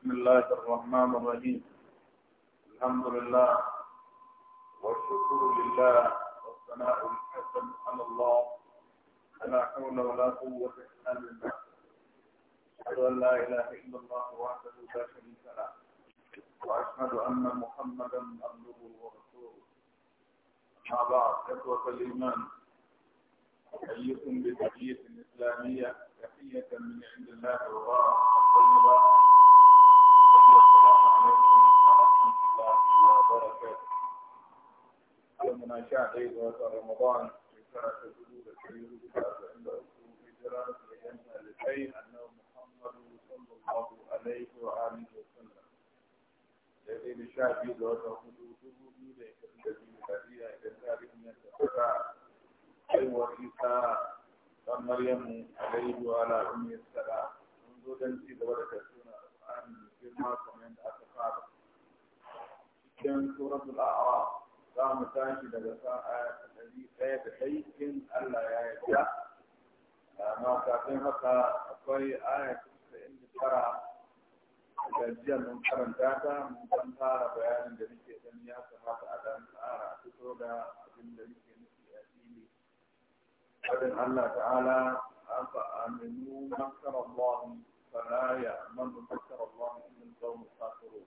بسم الله الرحمن الرحيم الحمد لله والشكر لله والثناء الحسن على الله لا حول ولا قوة إلا بالله أشهد أن لا إله إلا الله وحده لا شريك له وأشهد أن محمدا عبده ورسوله أما بعد إخوة الإيمان أحييكم بتحية إسلامية تحية من عند الله وبارك وبركاته يومنا شاهد وقت رمضان في سنة الجلود الكريم فعند أسلوب هجرة لأنها لشيء أنه محمد صلى الله عليه وآله وسلم الذي لشاهد وقت حدوثه بيد الذي الذي يجري من الفتاة أيوة عيسى مريم عليه وعلى أمه السلام منذ دنسي دورة السنة القرآن في كما كمان أتقارب كان سورة الأعراف قام تاشد لقاء الذي في بحيث ألا يأتى ما كان حقا أقوي آية فإن ترى الجن من كرم ذاتا من كان صار بيان جميل كثمية سماة أدام سارة تسودا أدام جميل كنسي أسيلي أدن الله تعالى أفأمنوا مكر الله فلا يأمن مكر الله من قوم الخاسرون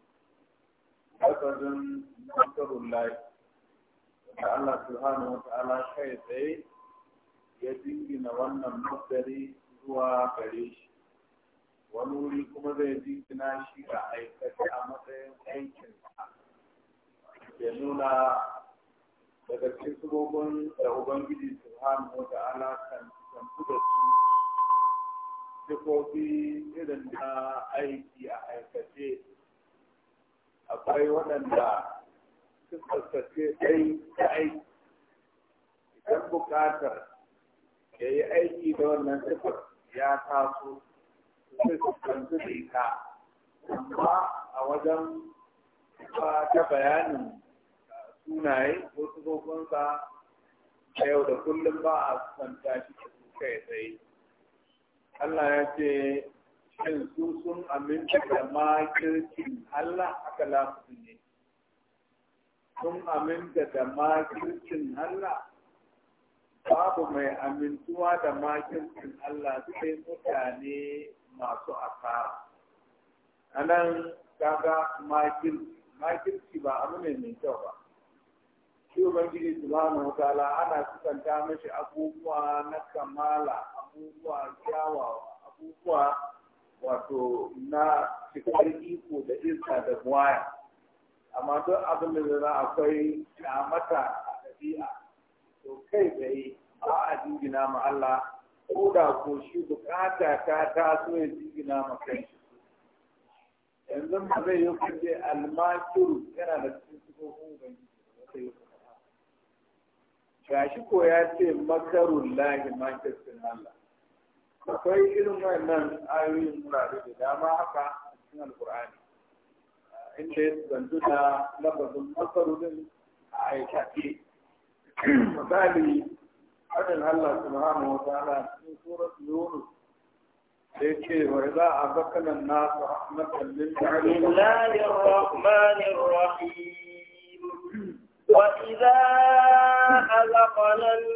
lafazin nasarullahi da Allah subhanahu wa ta'ala kai tsaye ya jingina wannan matsari zuwa gare shi wani wuri kuma zai jingina shi ga aikace a matsayin aikin ya nuna daga cikin da ubangiji subhanahu wa ta'ala kan tantu da su sifofi irin na aiki a aikace akwai waɗanda sake ɗai ta aiki idan buƙatar ya yi aiki da wannan sifar ya taso sai su kanzu da ita amma a wajen ba ta bayanin sunaye ko tsofinsa a yau da kullum ba a santa shi da su kai tsaye Allah ya ce shin su sun aminta da makircin Allah aka lafi ne sun aminta da makircin Allah babu mai amintuwa da makircin Allah sai mutane masu asara nan, kaga makirci makirci ba abu ne mai kyau ba shi ubangiji subhanahu wa ta'ala ana kusanta mashi abubuwa na kamala abubuwa kyawawa abubuwa wato na cikar iko da iska da buwaya amma duk abin da akwai kyamata a ɗabi'a to kai tsaye ba a jingina ma Allah ko da ko shi bukata ta taso ya jingina ma kai yanzu ba zai yi kuje almakiru yana da cikin cikin ubangiji ko ya ce makarun lahi makirsin Allah akwai irin wayannan ayoyin wurare da dama haka a cikin alkur'ani ah, inda ya zanzu da lafazin masarudin a aikace misali hadin Allah subhanahu wa ta'ala cikin surat yunus da ce wa za a bakanan nasu rahmatan lil alamin rahmanir rahim wa idza azaqna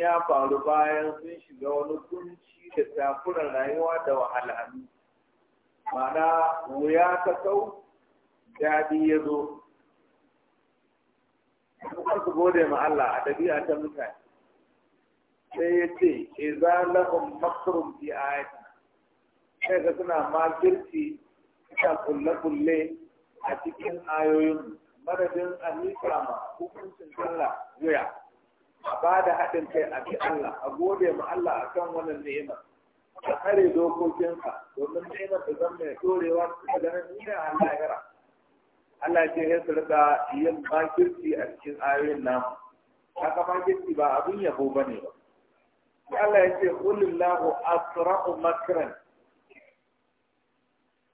ya faru bayan sun shiga wani kunci da takurar rayuwa da wahalhalu mana wuya ta kau daɗi ya zo kuma su gode ma Allah a ɗabi'a ta mutane sai ya ce iza lahum makrun fi ayati sai ga suna makirci ta kulle-kulle a cikin ayoyin madadin a miƙa ma hukuncin Allah wuya a ba da haɗin kai a bi Allah a gode ma Allah a kan wannan ni'ima a kare dokokinsa domin ni'ima ta zan mai dorewa da ganin ni'ima a lahira Allah ce ya su rika yin makirci a cikin ayoyin namu haka makirci ba abin yabo ba ne ba Allah ya ce kulillahu asra'u makran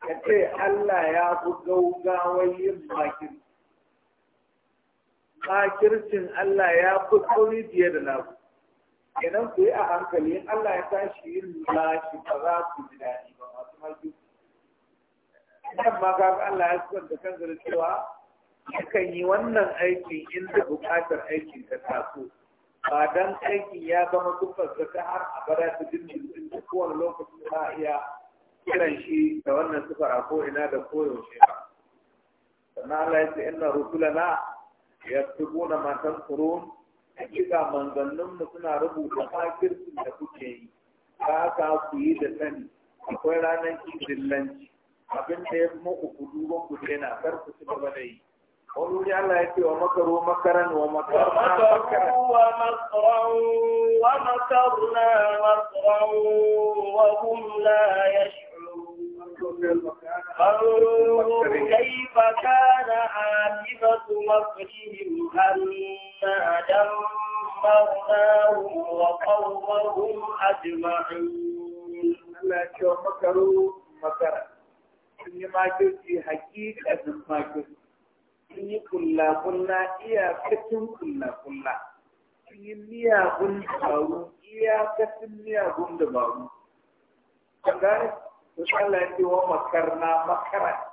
ya ce Allah ya fi gaugawar yin makirci makircin Allah ya fi sauri fiye da naku idan ku yi a hankali Allah ya tashi yin lashi ba za ku ji daɗi ba masu mafi idan ma ga Allah ya suwan da kanzar cewa yakan yi wannan aikin inda buƙatar aikin ta taso ba dan aikin ya zama da ta har abada ta dindindin da kowane lokacin ba a iya kiran shi da wannan sufara ko ina da koyaushe ba sannan Allah ya ce inna rusulana yaktubuna ma tanqurun hakika manzannin mu suna rubuta makircin da kuke yi ba ka ku da sani akwai ranar kidillanci abin da ya muku ku duba ku daina kar ku ci gaba da ya ce wa makaru makaran wa makaru فانظر كيف كان عاقبة مكرهم أنا دمرناهم وقومهم أجمعين لا شو مكروا مكرا sun yi makirci hakikatin makirci sun yi kulla-kulla iyakacin kulla-kulla sun yi miyagun dabaru iyakacin miyagun dabaru. sai Allah ya ce wa makara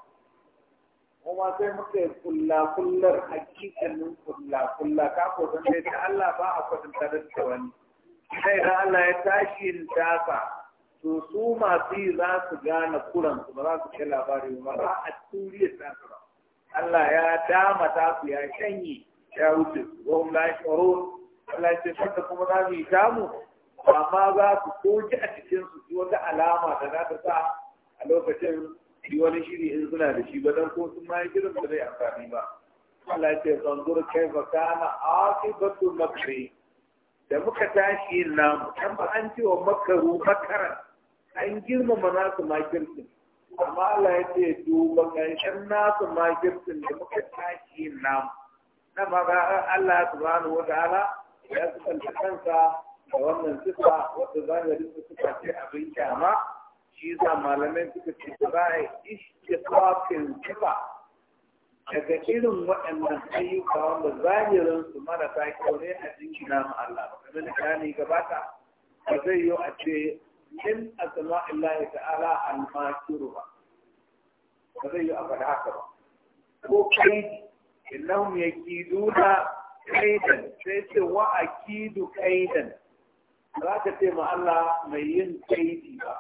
kuma sai muka yi kulla kullar hakikanin kulla kulla ka ko san sai da Allah ba a kwatanta da wani sai da Allah ya tashi in tasa to su masu yi za su gane kuran su ba za su ce labari ba za a turiya ta su ba Allah ya dama ta su ya shanye ya wuce wa hum la yashurun Allah ya ce kuma za mu yi damu amma za su koji a cikin su wata alama da za ta sa a lokacin shi wani shiri in suna da shi ba ko sun ma yi gidan da zai amfani ba Allah ya ce zanzur kai na aki batu makri da muka tashi yin namu kan ba an cewa makaru makara an girmama nasu makircin amma Allah ya ce duba na su makircin da muka tashi yin namu na ba Allah ya ni wata ala ya kanta kansa da wannan sifa wata zahiri su suka ce abin kyama shi za malamai suka ce ba a ishtiqaqin sifa daga irin waɗannan ayyuka wanda zahirin su marasa kyau ne a jingina ma Allah ba kamar da gabata ba zai yi a ce min asma'illahi ta'ala al-makiru ba ba zai yi a bada haka ba ko kai innahum yakiduna kaidan sai ce wa akidu kaidan za ka ce ma Allah mai yin kaidi ba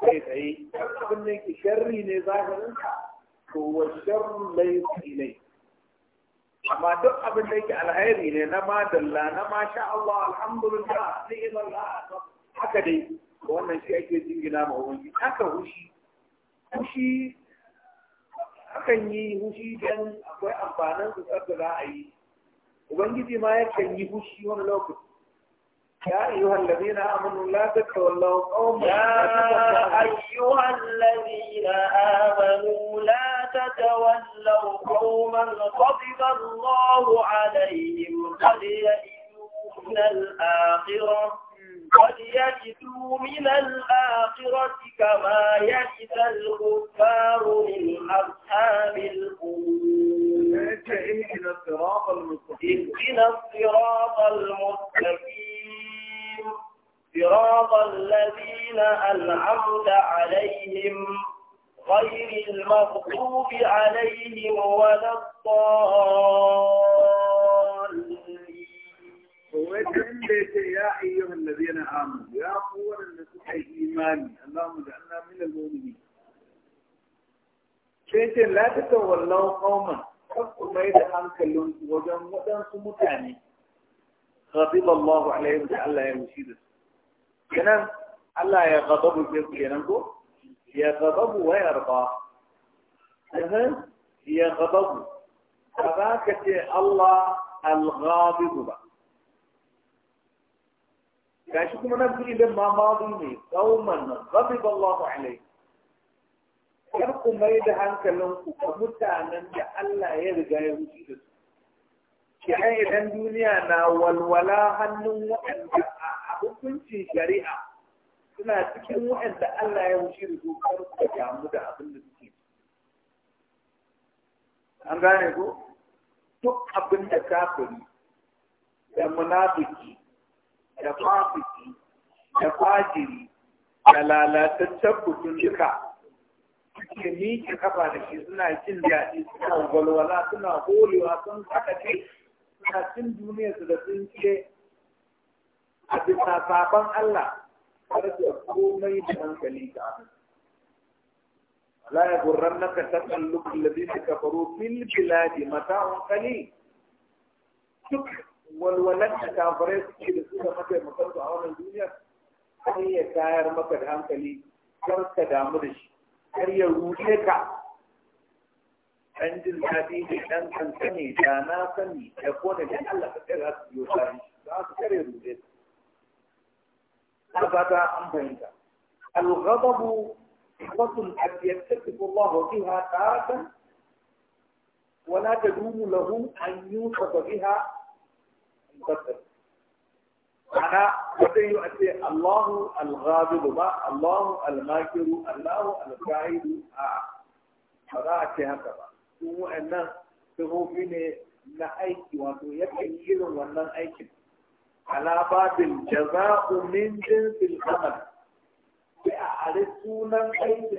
kai tsaye abin da yake sharri ne zahirin ka to wa sharru laysa ilai amma duk abin da yake alheri ne na ma dalla na ma sha Allah alhamdulillah ni'mallah haka dai wannan shi ake jingina ma ubangiji haka hushi hushi akan yi hushi dan akwai amfanin su tsaka za a yi ubangiji ma yakan yi hushi wani lokaci يا أيها الذين آمنوا لا تتولوا قوما يا أيها الذين آمنوا لا تتولوا قوما غضب الله عليهم قد يئسوا من الآخرة قد يئسوا من الآخرة كما يئس الكفار من أصحاب القبور اهدنا الصراط المستقيم اهدنا الصراط المستقيم صراط الذين أنعمت عليهم غير المغضوب عليهم ولا الضالين يا أيها الذين آمنوا يا قوة لسوء الإيمان اللهم اجعلنا من المؤمنين شيء لا تتولوا قوما ما يدعان كلهم وجم ودان سمتاني غضب الله عليهم جعل الله يمشي كنان الله يا غضب يجيب كنانكو يا غضب ويرضى فهم يا غضب فذاك الله الغاضب بقى كاشكم انا بقول لما ماضيني قوما غضب الله عليه كركم ما يدهان كلمكم فمتعنا ان الله يرجع يمشي كي عيد الدنيا نا والولا هنو وانت hukuncin shari'a suna cikin waɗanda Allah ya wuce da dokar da damu da abin da suke an gane ko duk abin da kafiri da munafiki da fasiki da fajiri da lalataccen mutum duka suke miƙe kafa da shi suna jin daɗi suna walwala suna holewa sun haka ce suna cin duniyarsu da sun ce a bisa sabon Allah da komai da hankali ka la ya gurran na ka taɓallu kullabi da faru fil biladi mata'un kali duk walwalan da ya suke da su da mataimakon su a wannan duniyar sai ya tayar maka da hankali kar ka damu da shi kar ya rushe ka ɗan jin daɗi ne ɗan kankane da na sani da kone da Allah ka tsere za su biyo tari za su tsere rushe ka na fata an fahimta al-ghadabu wasun qad yattaqifu Allah biha taratan wa la tadumu lahu an yusafa biha al-qadr ana wata yi a ce Allahu al-ghadibu ba Allahu al-makiru Allahu al-qa'idu a ba haka ba sun wa'annan sifofi ne na aiki wato irin wannan aikin ala babin jaza'u min jinsil amal sai a are sunan aikin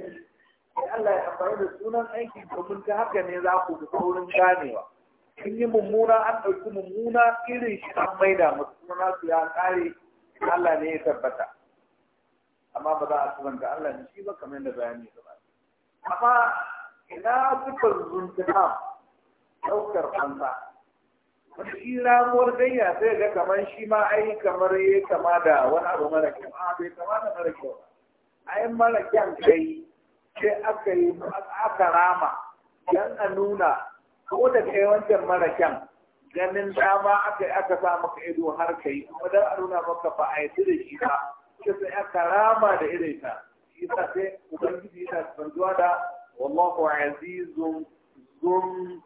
sai Allah ya amfani da sunan aikin domin ta haka ne za ku ga wurin ganewa sun yi mummuna an ɗauki mummuna irin shi an maida musu suna su ya kare Allah ne ya tabbata amma ba za a sunan Allah ne shi ba kamar yadda bayani gaba amma ina sifar zuntuka ɗaukar fansa wanda shi ramuwar gayya sai ga kamar shi ma ai kamar ya kama da wani abu mara kyau a bai kama da mara kyau ai mara kyan kai sai aka yi aka rama dan a nuna ko da kai wancan mara kyan ganin dama aka yi aka sa maka ido har yi kuma dan a nuna maka ba a yi da shi ba sai aka rama da irin ta shi sa sai ubangiji yana sanzuwa da wallahu azizun zun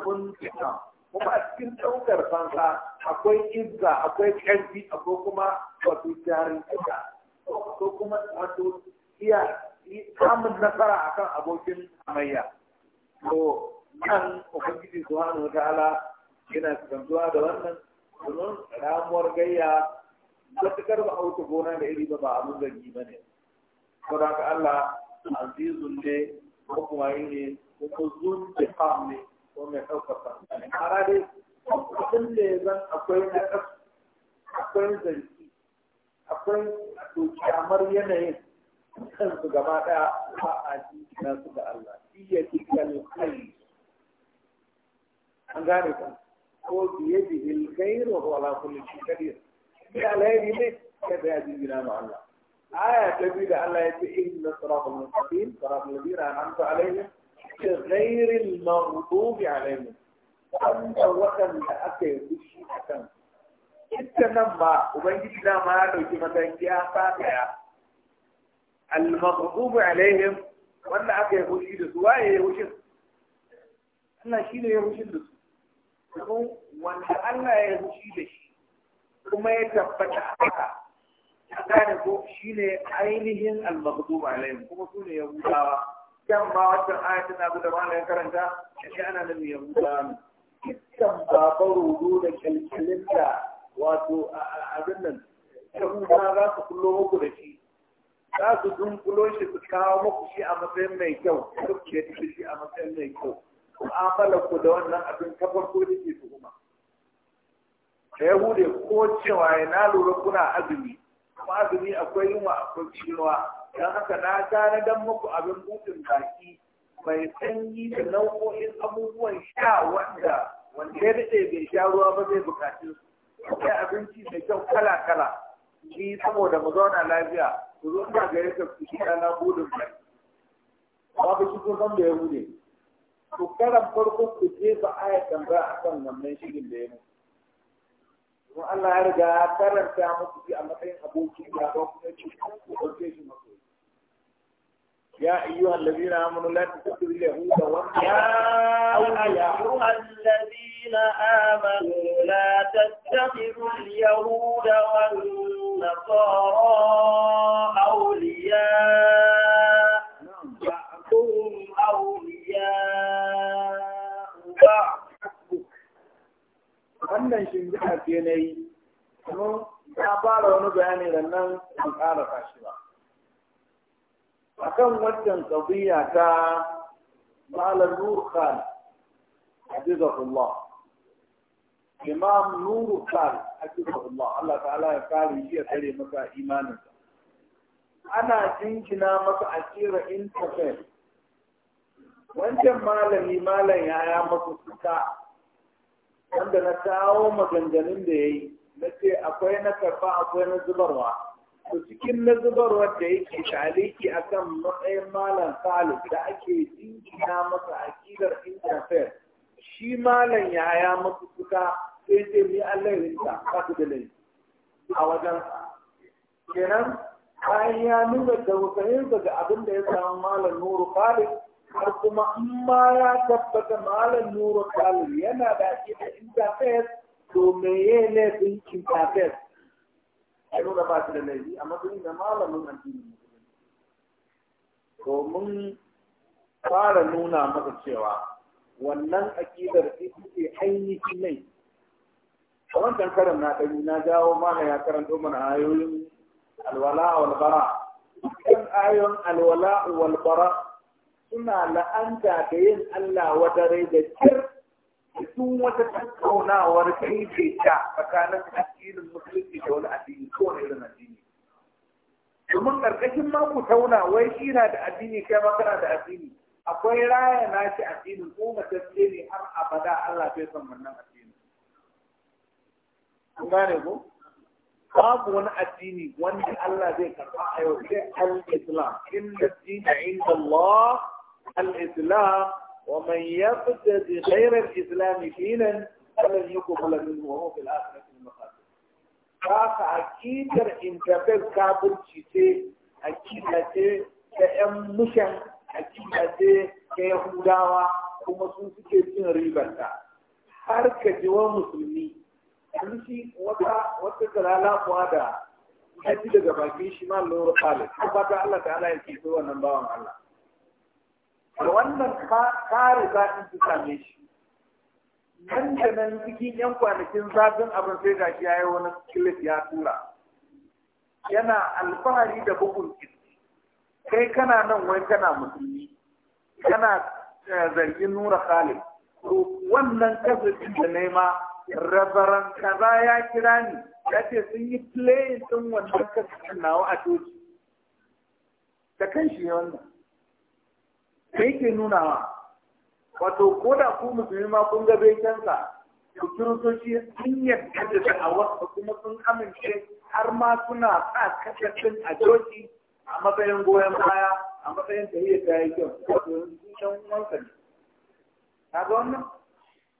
zuntiqam kuma a cikin ɗaukar fansa akwai izza akwai ƙarfi akwai kuma wato jarin ƙasa ko kuma wato iya samun nasara akan abokin amayya to nan ubangiji subhanahu ala yana tsantuwa da wannan domin ramuwar gayya matuƙar ba auta gona da iri ba ba abin zargi ba ne saboda Allah azizun ne ko kuma yi ne ko zun ne ko mai ɗaukaka mara dai abin da ya zan akwai na ƙasa akwai akwai yanayin kansu gaba ɗaya ba a da Allah shi ya ci kalkai an gane ko biye bi kulli shi ne ma Allah aya ta bi da Allah ya ce mustaqim ladina an'amta الأكل غير المغضوب عليهم المغضوب عليهم وانا اكي هوشي دس واي هوشي انا شيلة يهوشي دس وانا انا يهوشي دس وما يتفتح حقا يعني هو شيلة عينهم المغضوب عليهم كما سولي يهوشي دس kan ma wata aya tana da malamin karanta shi ana nan ya huta kan babar rudu da kalkalin da wato abin nan yahuda za su kullo muku da shi za su dunkulo shi su kawo muku shi a matsayin mai kyau duk ke da shi a matsayin mai kyau mu'amalar ku da wannan abin ta farko da ke tuhuma da yahude ko cewa ya na lura kuna azumi kuma azumi akwai yunwa akwai cinuwa don haka na gane don muku abin buɗin baki mai sanyi da nau'o'in abubuwan sha wanda wanda ya daɗe bai sha ruwa ba zai bukaci sai abinci mai kyau kala kala shi saboda mu zauna lafiya ku zo ina gare ka ku shiga na buɗin baki ba ku da ya buɗe. ku karan farko ku je ba aya tambaya akan wannan shirin da ya mutu don Allah ya riga ya karanta musu fi a matsayin aboki da ba kuma ya ce ku ɗauke ya iyo hallabi na amunu lati ta turi da huda ya ayyahu hallabi na amunu la ta tafiru ya huda wani na tsoro auliya wannan a ce na yi kuma fara wani bayani da nan an ƙara kashi ba a kan wancan tsabiya ta malar nuru khan hafizahullah imam nuru khan hafizahullah Allah ta'ala ya kare shi ya tare maka imaninsa ana jinkina maka asira interface wancan malami malam ya ya masu suka wanda na kawo maganganun da ya yi na ce akwai na karfa akwai na zubarwa to cikin na zubarwa da yake shaliki akan matsayin malam salif da ake jinkina masa akidar interfair shi malam ya ya masu suka sai ce ni allah ba su da laifi a wajen kenan bayan ya nuna da ga abin da ya samu malam nuru khalid har kuma in ya tabbata malam nuru kalu yana da ake da interface to me ye laifin interface a nuna ba su da laifi amma matsayin da malamin addini to mun fara nuna maka cewa wannan akidar ita ce ainihin laifi a wancan karin na ɗari na jawo mana ya karanto mana ayoyin alwala wal bara kan ayoyin alwala wal bara suna la'anta da yin Allah wata rai da kir sun wata tattaunawar kai ta tsakanin addinin musulunci da wani addini ko wani irin addini domin ƙarƙashin mako tauna wai shi na da addini kai makara da addini akwai raya na shi addinin ko matacce ne har abada Allah bai san wannan addini An gane ko babu wani addini wanda Allah zai karɓa a yau sai al-Islam inna dina inda Allah الإسلام ومن يقتدي غير الإسلام دينا فلن يقبل منه وهو في الآخرة من المخاطر فاك أكيدر انتفل كابل شيء أكيدة كأم مشن أكيدة كيهوداوة kuma sun suke cin ribarta har ka ji wa musulmi yanzu wata wata galala kuwa da haji daga bakin shi ma lura kale ba Allah ta'ala ya ke wannan bawan Allah da wannan kare zafin su same shi nan da nan cikin yan kwanakin zafin abin sai ga shi yi wani kilif ya tura yana alfahari da bugun kirji kai kana nan wai kana musulmi kana eh, zargin nura khalif to wannan kasafin da nema rabaran kaza ya kira ni ya ce sun yi playin din wannan kasafin nawa a coci da kan shi ne wannan sai ke nuna wa wato ko da ku musulmi ma kun ga bekensa ku kiristoci sun yadda da da'awarsa kuma sun amince har ma suna sa kasafin a joji a matsayin goyon baya a matsayin tahiyya ta yi kyau wato sun san wansa ne ta ga wannan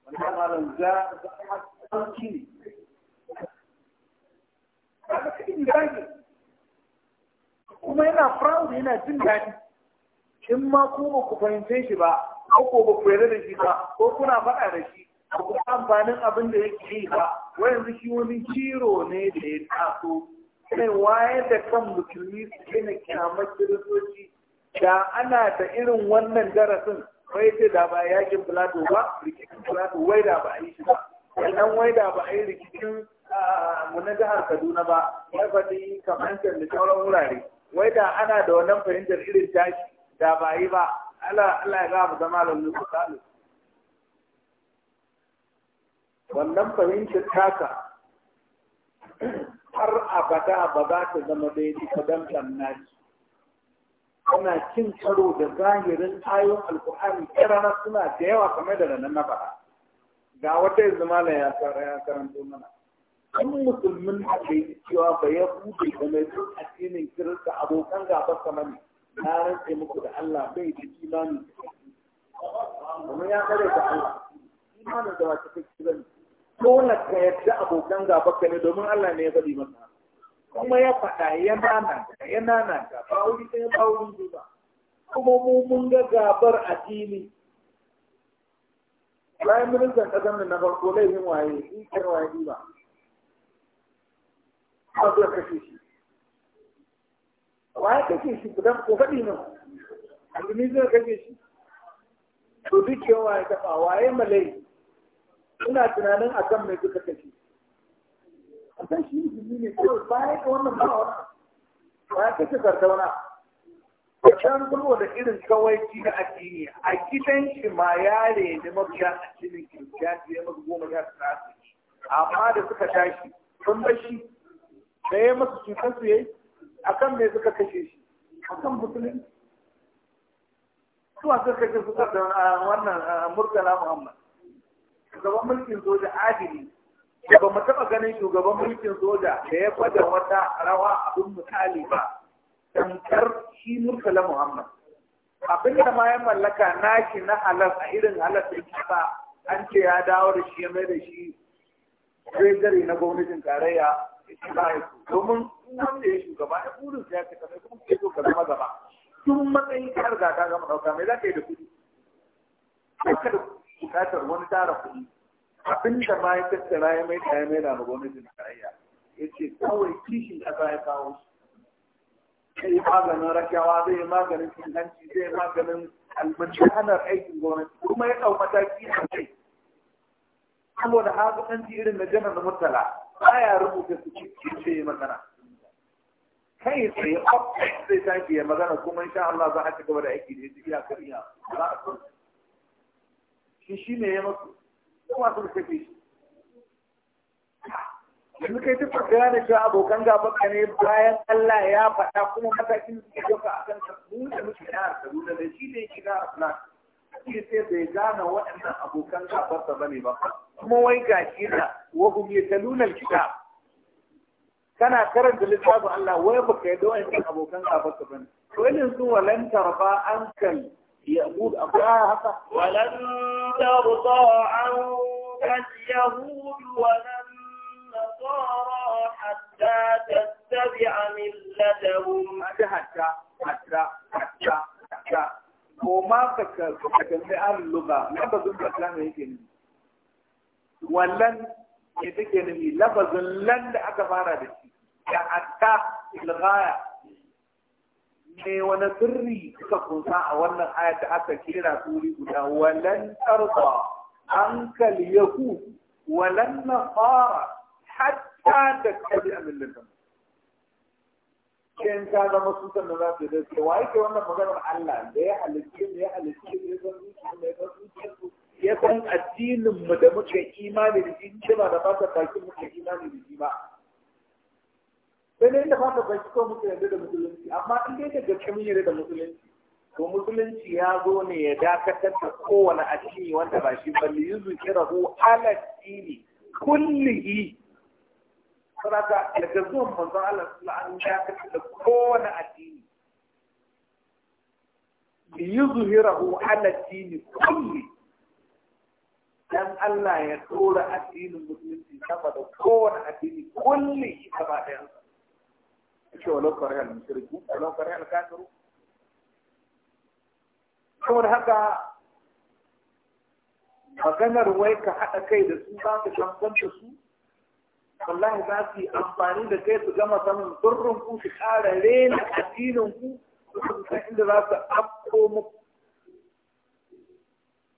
wannan malam za a ci ne kuma yana proud yana jin daɗi in ma ku ba ku fahimce shi ba ko ko ba ku yarda da shi ba ko kuna faɗa da shi ba ku amfanin abin da yake yi ba wai yanzu shi wani ciro ne da ya taso sai wayar da kan musulmi su daina kyamar kiristoci da ana da irin wannan darasin wai ce da ba yakin filato ba rikicin filato wai da ba a yi shi ba wannan wai da ba a yi rikicin ah, mu jihar kaduna ba ya faɗi kamar da sauran wurare wai da ana da wannan fahimtar irin tashi da ba yi ba Allah ya ga mu zama da misali wannan fahimtar taka har abada ba za ta zama daidai ka dan tannaci ana cin karo da zahirin ayoyin alkur'ani kirana suna da yawa kamar da nan na faɗa ga wata yanzu malam ya karanto mana an musulmin da ke cewa ba ya bude da mai duk addinin kirista abokan gaba kamar ne ya rantse muku da Allah bai da imani kuma ya kare da Allah imanin da wata kai kiran dole ka yadda abokan gaba ka ne domin Allah ne ya bari maka kuma ya faɗa ya nana ya nana ka ba wuri ɗaya ba wuri ba kuma mu mun ga gabar addini bayan ministan ƙasar na farko laifin waye in kyan waye ba a ya kake shi gudan ko faɗi nan alumi zai kake shi to dukiyan ya kafa waye malai ina tunanin akan mai duka kake kan shi musulmi ne kawai baya ka wannan ba wani waye kake kartauna Kashan kulwa da irin kawai na addini a gidan shi ma ya da mafiya a cikin kirkiyati ya masu goma ya tsara amma da suka tashi sun bashi da ya masa cutar su yayi akan me suka kashe shi akan musulunci Su suka kashe suka da ah, wannan ah, murtala muhammad shugaban mulkin soja adili da ba mu taɓa ganin shugaban mulkin soja da ya gwada wata rawa abin misali ba tamkar shi murtala muhammad abin da ma ya mallaka nashi na halar a irin halar da kasa an ce ya dawo da shi ya mai da shi zai na gwamnatin tarayya domin wanda ya shugaba ya burin ya ta kamar kuma ke so ka zama gaba tun matsayin ka riga ka gama dauka mai za ka yi da kuɗi kada bukatar wani tara kuɗi abin da ma ya tattara ya mai kaya mai da gwamnatin tarayya ya ce kawai kishin ƙasa ya kawo shi zai yi maganin rakyawa, zai yi maganin cin zai yi maganin almuntanar aikin gwamnati kuma ya ɗau mataki a kai saboda hagu ɗan irin na janar murtala baya rubuta su cikin ce magana kai tsaye ofis zai tashi ya magana kuma insha Allah za a ci gaba da aiki da ya iyakar iya za a so shi shi ne ya masu kuma sun kafe shi yanzu kai ta farfiya da cewa abokan gaban ka ne bayan Allah ya faɗa kuma matakin da suke ɗauka a kan ka mu da muke yana da shi ne shiga a fulani shi sai bai gane waɗannan abokan gabarsa bane ba kuma wai gashi na wa ta yataluna alkitab kana karanta littafin Allah wai baka yadda waɗannan abokan gabarsa bane to irin su walan tarba ankal yahud akwai haka walan tarba ankal yahud walan النصارى حتى تتبع ملتهم حتى حتى حتى حتى ko ma ka kalli ahlul lugha lafazin islam yake ne wallan ne take nufi lafazin lan da aka fara da shi da hatta ilghaya ne wani sirri suka kunsa a wannan ayat da aka kera turi guda walan tarda an kal yahu walan nasara hatta da kabi amin lillah sai in ka zama su sannan za su yi ce wa yake wannan maganar Allah da ya halittu ne ya halittu ne ya san zuciya ne ya san su ya san addinin mu da muke imani da jini ce ba da fata baki muke imani da jini ba sai dai da fata baki ko muke yarda da musulunci amma in dai ka gaske mun yarda da musulunci to musulunci ya zo ne ya dakatar da kowane addini wanda ba shi ba li yuzu kirahu ala dini kullihi فرضا لجزوم منظر الله صلى الله عليه وسلم لكون الدين ليظهره على الدين كله لم الله يقول الدين المسلم في سبب كون الدين كله كما يقول شو لو كره المشركون لو كره الكافرون kamar haka maganar wai ka haɗa kai da su za ka cancanta su wallahi za su yi amfani da kai su gama sanin turrun ku su ƙara rena addinin ku su san inda za su afko muku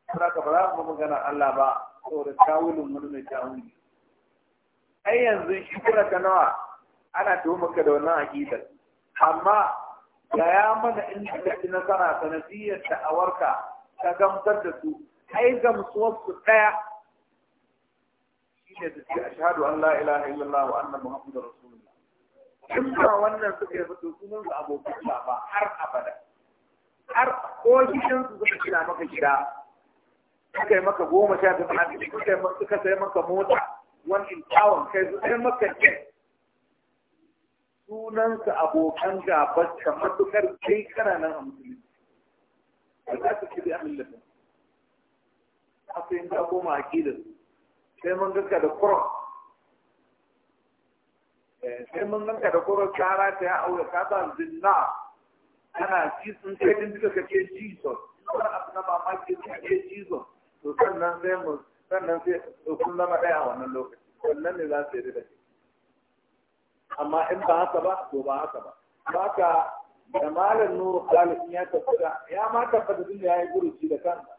ka ba za mu magana Allah ba saboda tawulin wani mai tawuli ai yanzu shi kura ka nawa ana tuhu maka da wannan aqidar amma da ya mana inda ka ci nasara sanadiyar awarka ka gamsar da su ai gamsuwar su ɗaya shine su ce ashhadu an la ilaha illallah wa anna muhammadar rasulullah in ba wannan suke yi fito sunan su abokan ba har abada har ko gidan su suka kira maka gida suka yi maka goma sha biyu hadisi suka suka sai maka mota one in town kai su sai maka jet sunan su abokan gaba kamar matukar kai kana nan a musulunci ba za su kiri amin lafiya a sai in ta koma a su sai mun ganka da kuron eh, sai mun ganka da kuron kara ta ya aure ka ta zinna ana ji sun kai din duka kace jesus wani abu na mamaki ka ce jesus to sannan sai mu sannan sai kun zama daya a wannan lokaci wannan ne za su yi da shi amma in ba haka ba to ba haka ba haka da malam nuru kalifin ya tabbata ya ma tabbata tun ya yi guruci da kansa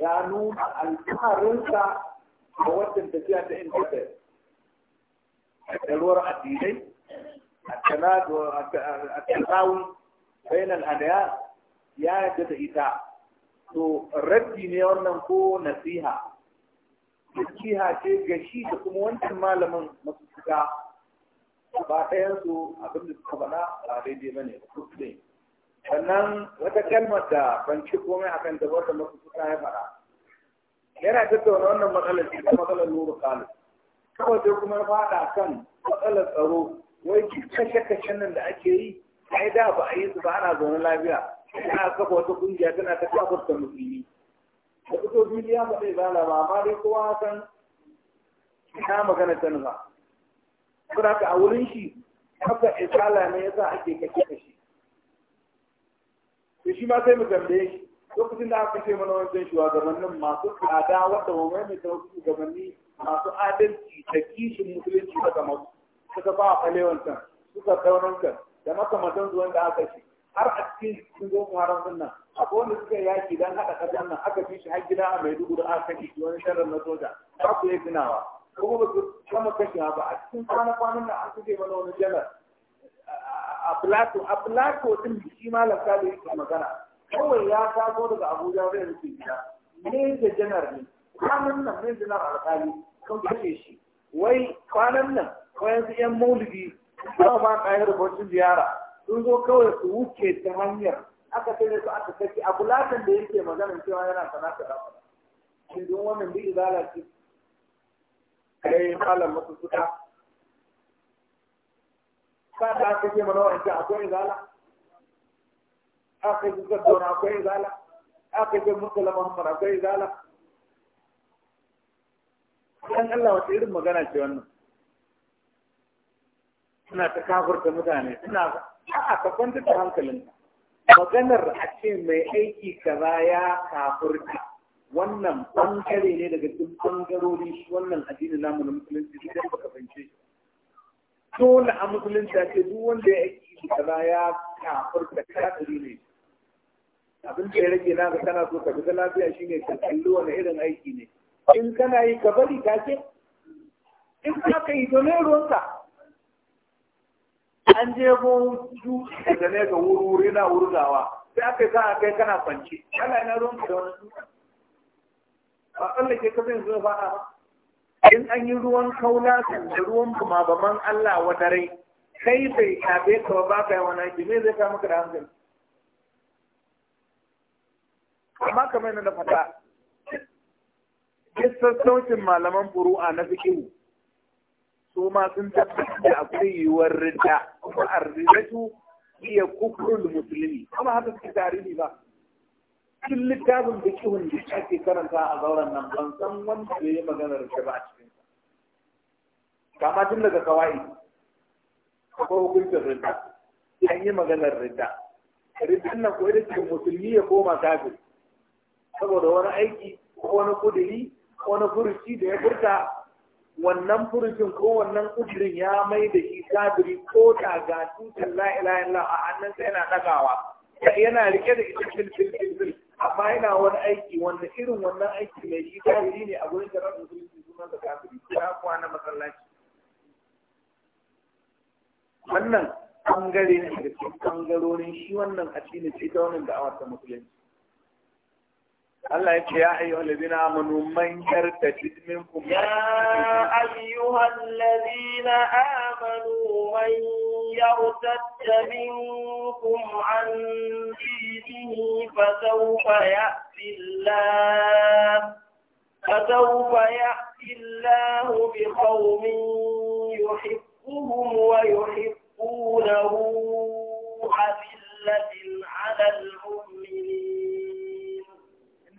ya nuna alfaharinsa a wannan tafiya ta intanet a tsaruwar addinai a tsanawi bayan al'adaya ya yadda da ita to raddi ne wannan ko nasiha nasiha ce ga shi da kuma wancan malamin masu suka ba ɗayansu abin da suka bana ba daidai ba ne sannan wata kalmar da ban ci komai akan da wata masu suka ya fara yana tattauna wannan matsalar shi ta matsalar nuru kalu kawai sai kuma ya fada kan matsalar tsaro wai kashe-kashen nan da ake yi ai da ba a yi su ba ana zaune lafiya ana kafa wata kungiya tana ta kafurta musulmi da fito ya ba zai zala ba amma dai kowa san ina magana ta nufa saboda ka a wurin shi haka isala ne yasa ake kashe kashe to shi ma sai mu tambaye shi lokacin da aka ce mana wancan shugabannin masu tsada wadda wa mai mai shugabanni masu adalci da kishin musulunci daga masu suka ba a wancan suka daunan kan da makamantan zuwan da aka ce har a cikin sun zo muharar sunna akwai wanda suka yaki dan haɗa ƙasar nan aka fi shi har gida a maiduguri aka fi shi wani sharar na soja ba ku yi tunawa kuma ba su kama kashewa ba a cikin kwana-kwanan nan an suke mana wani jalar a plato a plato din shi malam sale yake magana kawai ya taso daga abuja zai rufe gida ne da janar ne kwanan nan ne janar alkali kan kashe shi wai kwanan nan wayansu yan maulidi ba ba kayar rubutun ziyara sun zo kawai su wuce ta hanyar aka sai su aka saki a bulatan da yake magana cewa yana sanata da shi don wannan bi izala ce kai kalan masu suka ka ta kake mana wa'ancan akwai izala aka yi zaddauna akwai zala aka yi mutala muhammad akwai zala Kan Allah wata irin magana ce wannan suna ta kafurta mutane suna a'a ka kwanta da hankalinka maganar a ce mai aiki kaza ya kafurta wannan bangare ne daga cikin bangarori wannan addini namu na musulunci idan baka fahimce shi dole a musulunci a ce duk wanda ya aiki kaza ya kafurta kafiri ne abin da ya rage na kana so ka fita lafiya shine ka kalli wani irin aiki ne in kana yi ka bari ka ce in ka ka yi domin ruwanka an je su daga ne ga wuri na wurgawa sai aka yi aka kai kana kwanci kana na ruwanka da wani ba Allah ke ka zai zo ba in an yi ruwan kaula da ruwan bumabaman Allah wata rai kai bai kabe ka ba ka yi wani aiki me zai ka maka da hankali amma kamar yadda na faɗa sassaucin malaman furu'a na fikihu su ma sun tafi da akwai yiwuwar ridda kuma arridatu iya kufrul musulmi kuma haka suke tarihi ba cikin littafin fikihun da ake karanta a zauren nan ban san wanda ya yi maganar shi ba a cikin kama tun daga kawai akwai hukuncin ridda an yi maganar ridda riddan nan ko ita ce musulmi ya koma kafin saboda wani aiki ko wani kudiri ko wani furuci da ya furta wannan furucin ko wannan kudirin ya mai da shi sabiri ko da ga tutan la a hannun sai yana dagawa yana rike da ita filfilfil amma yana wani aiki wanda irin wannan aiki mai shi sabiri ne a gurin da rabin su sunan da kafiri ya kuwa na masallaci wannan bangare ne a cikin shi wannan a cikin ce ta wannan da'awar ta musulunci الله يا أيها الذين آمنوا من يرتد منكم يا أيها الذين آمنوا من يرتد منكم عن دينه فسوف يأتي الله فسوف يأتي الله بقوم يحبهم ويحبونه أذلة على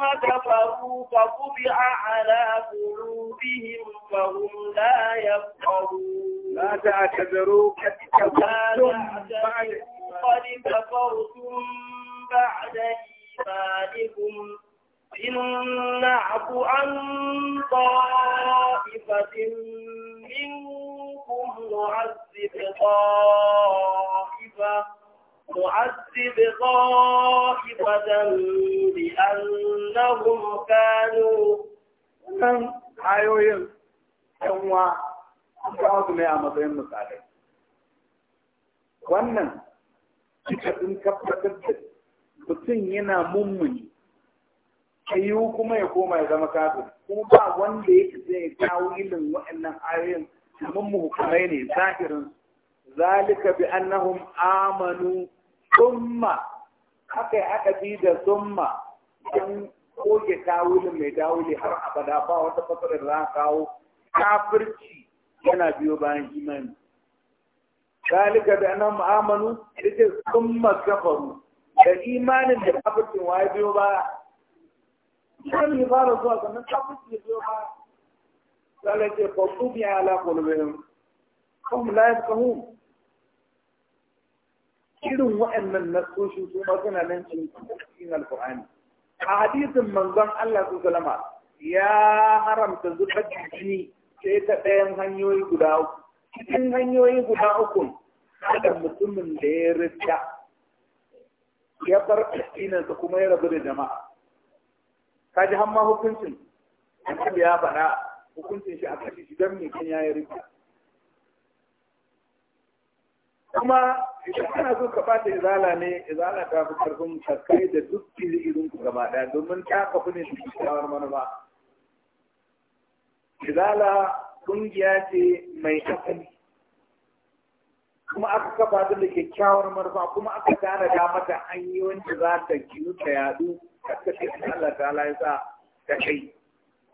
ثم كفروا فطبع على قلوبهم فهم لا يفقهون لا تعتذروا قد كفرتم بعد إيمانكم إن نعف عن طائفة منكم نعذب طائفة تعذب طائفة لأنهم كانوا من حيوين يوم kawo ما a matsayin misalai wannan cika sun tabbatar da mutum yana mummuni kayu kuma ya koma ya zama kafin kuma ba wanda ya zai kawo ilin waɗannan ayoyin mun mu hukumai ne zahirin zalika bi annahum amanu summa haka aka bi da summa don koge tawulin mai dawuli har abada ba wata fasarar za a kawo kafirci yana biyo bayan imani zalika da nan amanu yace summa kafaru da imanin da kafircin ya biyo ba kan yi fara zuwa sannan kafirci biyo ba zalika fa tubi ala qulubihim mu la kahun irin wa'annan nasoshin su ma suna nan cikin alkur'ani a hadisin manzon Allah su salama ya haramta zubar da jini sai ta ɗayan hanyoyi guda uku cikin hanyoyi guda uku da mutumin da ya rita ya bar ƙasinansa kuma ya rabu da jama'a ka ji hamma hukuncin ya faɗa hukuncin shi a kashi shi don me ya yi rita kuma idan ana so ka bata izala ne izala ta fi karfin kaskai da duk fili irin ku gaba daya domin ta kafu ne su kyawar ba izala kungiya ce mai asali kuma aka kafa ta da kyakkyawar marfa kuma aka tara da mata hanyoyin da za ta ginu ta yadu ta kashe Allah ta ya sa ta kai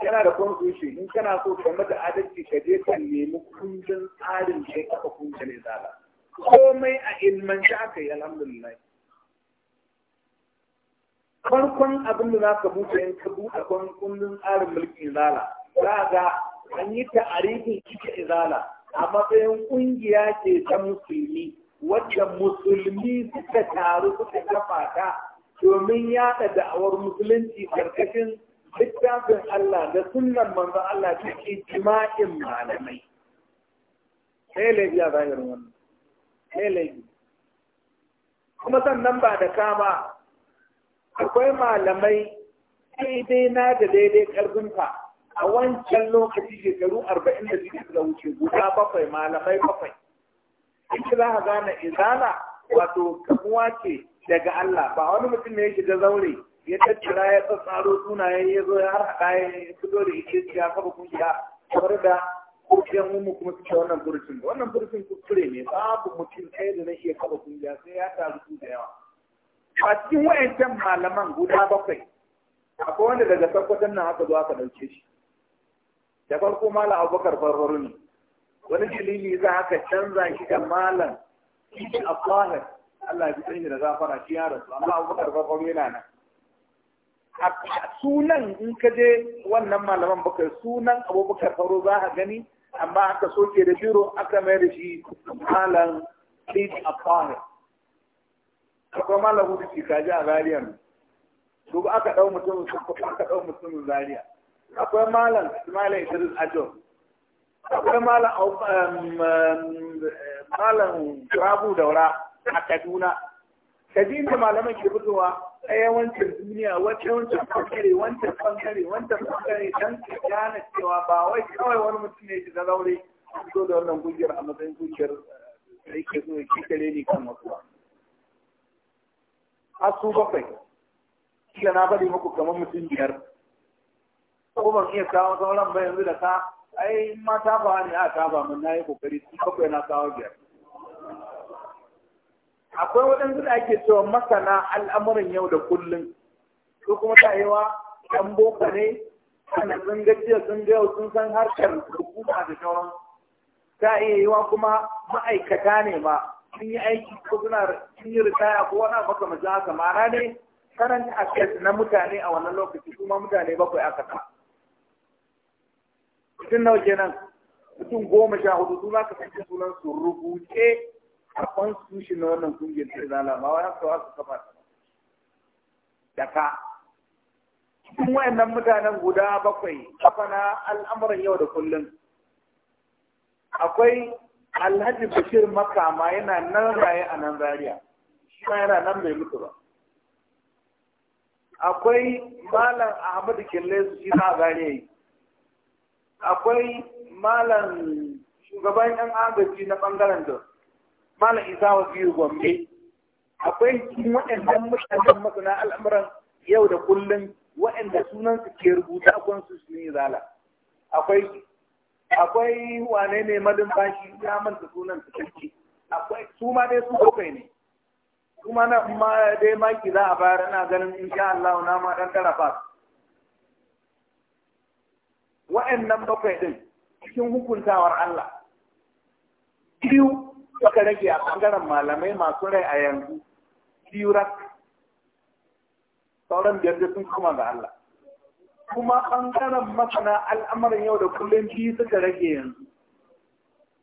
yana da constitution in kana so ka mata adalci ka je ka nemi kundin tsarin da ya kafa kungiyar izala komai a shi aka yi alhamdulillah farkon abin da za ka buɗe in kundin tsarin mulkin izala za ga an yi ta'arifin kika izala a matsayin ƙungiya ke ta musulmi wacce musulmi suka taru suka kafa ta domin yaɗa da'awar musulunci karkashin littafin Allah da sunan manzon Allah cikin jima'in malamai. Sai lafiya zahirin wannan. laifi kuma sannan ba da kama akwai malamai daidai na da daidai ƙarfinka a wancan lokaci shekaru arba'in da suke da wuce guda bakwai malamai bakwai in za ka gane izala wato kamuwa ce daga Allah ba wani mutum ne ya shiga zaure ya tattara ya tsatsaro sunayen ya zo ya har haɗa ya fito da ita ya kaba kungiya kamar da Kuma mu kuma suke wannan furucin da wannan furucin kuskure ne babu mutum ɗaya da na iya kaba kungiya sai ya taru su da yawa a cikin wayancan malaman guda bakwai akwai wanda daga sarkwatan nan haka zuwa ka ɗauke shi da farko malam abubakar farfaru ne wani dalili za haka canza shi da malam shi abubakar Allah ya sanyi da zafara shi ya rasu amma abubakar farfaru yana nan a sunan in ka je wannan malaman bakwai sunan abubakar farfaru za a gani amma aka soke da biro aka mai da shi malam Eid Afahir. Akwai malam da ke kaji a Zariya ne. aka ɗau mutumin Sokoto aka ɗau mutumin Zariya. Akwai malam Ismail Idris Ajo. Akwai malam um, um, malam Rabu Daura a Kaduna. kaji inda malaman ke fitowa tsaye wancan duniya wacce wancan bangare wancan bangare wancan bangare don ka gane cewa ba wai kawai wani mutum ne da zaure zo da wannan gujiyar a matsayin gujiyar da yake zuwa kikare ni kan wasu ba. su bakwai, kila na bari muku kamar mutum biyar. Ko ban iya kawo sauran ba yanzu da ka, ai mata ba ne a ka ba mun na yi kokari, su bakwai na kawo biyar. akwai waɗansu da ake cewa masana al'amuran yau da kullum su kuma ta yawa ɗan boka ne ana sun gajiya sun ga yau sun san harkar hukuma da sauran ta iya yiwa kuma ma'aikata ne ba, sun yi aiki ko suna sun yi ritaya ko wani makamacin haka mara ne karanta akses na mutane a wannan lokaci kuma mutane bakwai aka ta mutum nawa kenan mutum goma sha hudu su za ka kashe sunan su rubuce a constitution na wannan kungiyar ta izala ba wa haka wasu kafa ta da ka cikin wayannan mutanen guda bakwai kafa na al'amuran yau da kullum akwai alhaji bashir makama yana nan raye a nan zaria shi ma yana nan bai mutu ba akwai malam ahmadu kille shi a zaria yi akwai malam shugaban yan agaji na bangaren da Mala isa wa biyu gombe akwai cikin waɗannan mutanen masana al'amuran yau da kullum waɗanda sunan su ke rubuta akwai su sun yi zala akwai akwai wane ne madin bashi ya manta sunan su kanki akwai su ma dai su bakwai ne su ma na ma dai maki za a bayar ana ganin insha Allah na ma dan tarafa waɗannan bakwai din cikin hukuntawar Allah biyu suka rage a ɓangaren malamai masu rai a yanzu biyu sauran biyar sun kuma ga Allah kuma ɓangaren masana al'amarin yau da kullum biyu suka rage yanzu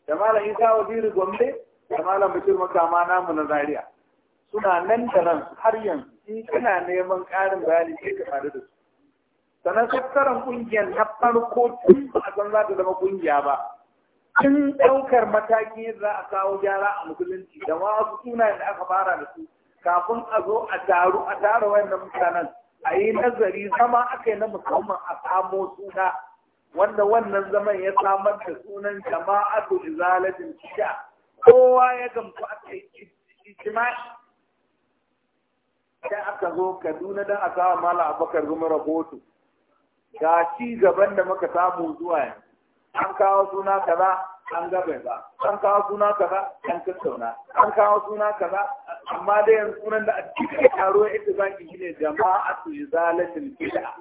da malam isa waziri gombe da malam bashir makama namu na zaria suna nan da nan har yanzu in kana neman karin bayani ke ka faru da su sannan tattaran kungiyar na farko tun ba a san za ta zama kungiya ba tun ɗaukar mataki za a kawo gyara a musulunci da wasu sunayen da aka fara da su kafin a zo a taru a tara wayannan mutanen a yi nazari zama aka yi na musamman a samo suna wanda wannan zaman ya samar da sunan jama'atu izalatin shi'a kowa ya gamsu aka yi ijma'i sai aka zo Kaduna don a samu Malam Abubakar Zuma rahoto ga ci gaban da muka samu zuwa yanzu an kawo suna kaza an gabe ba an kawo suna kaza an tattauna an kawo suna kaza amma da yanzu sunan da a cikin taro ita zaki shine jama'atu izalatul bid'a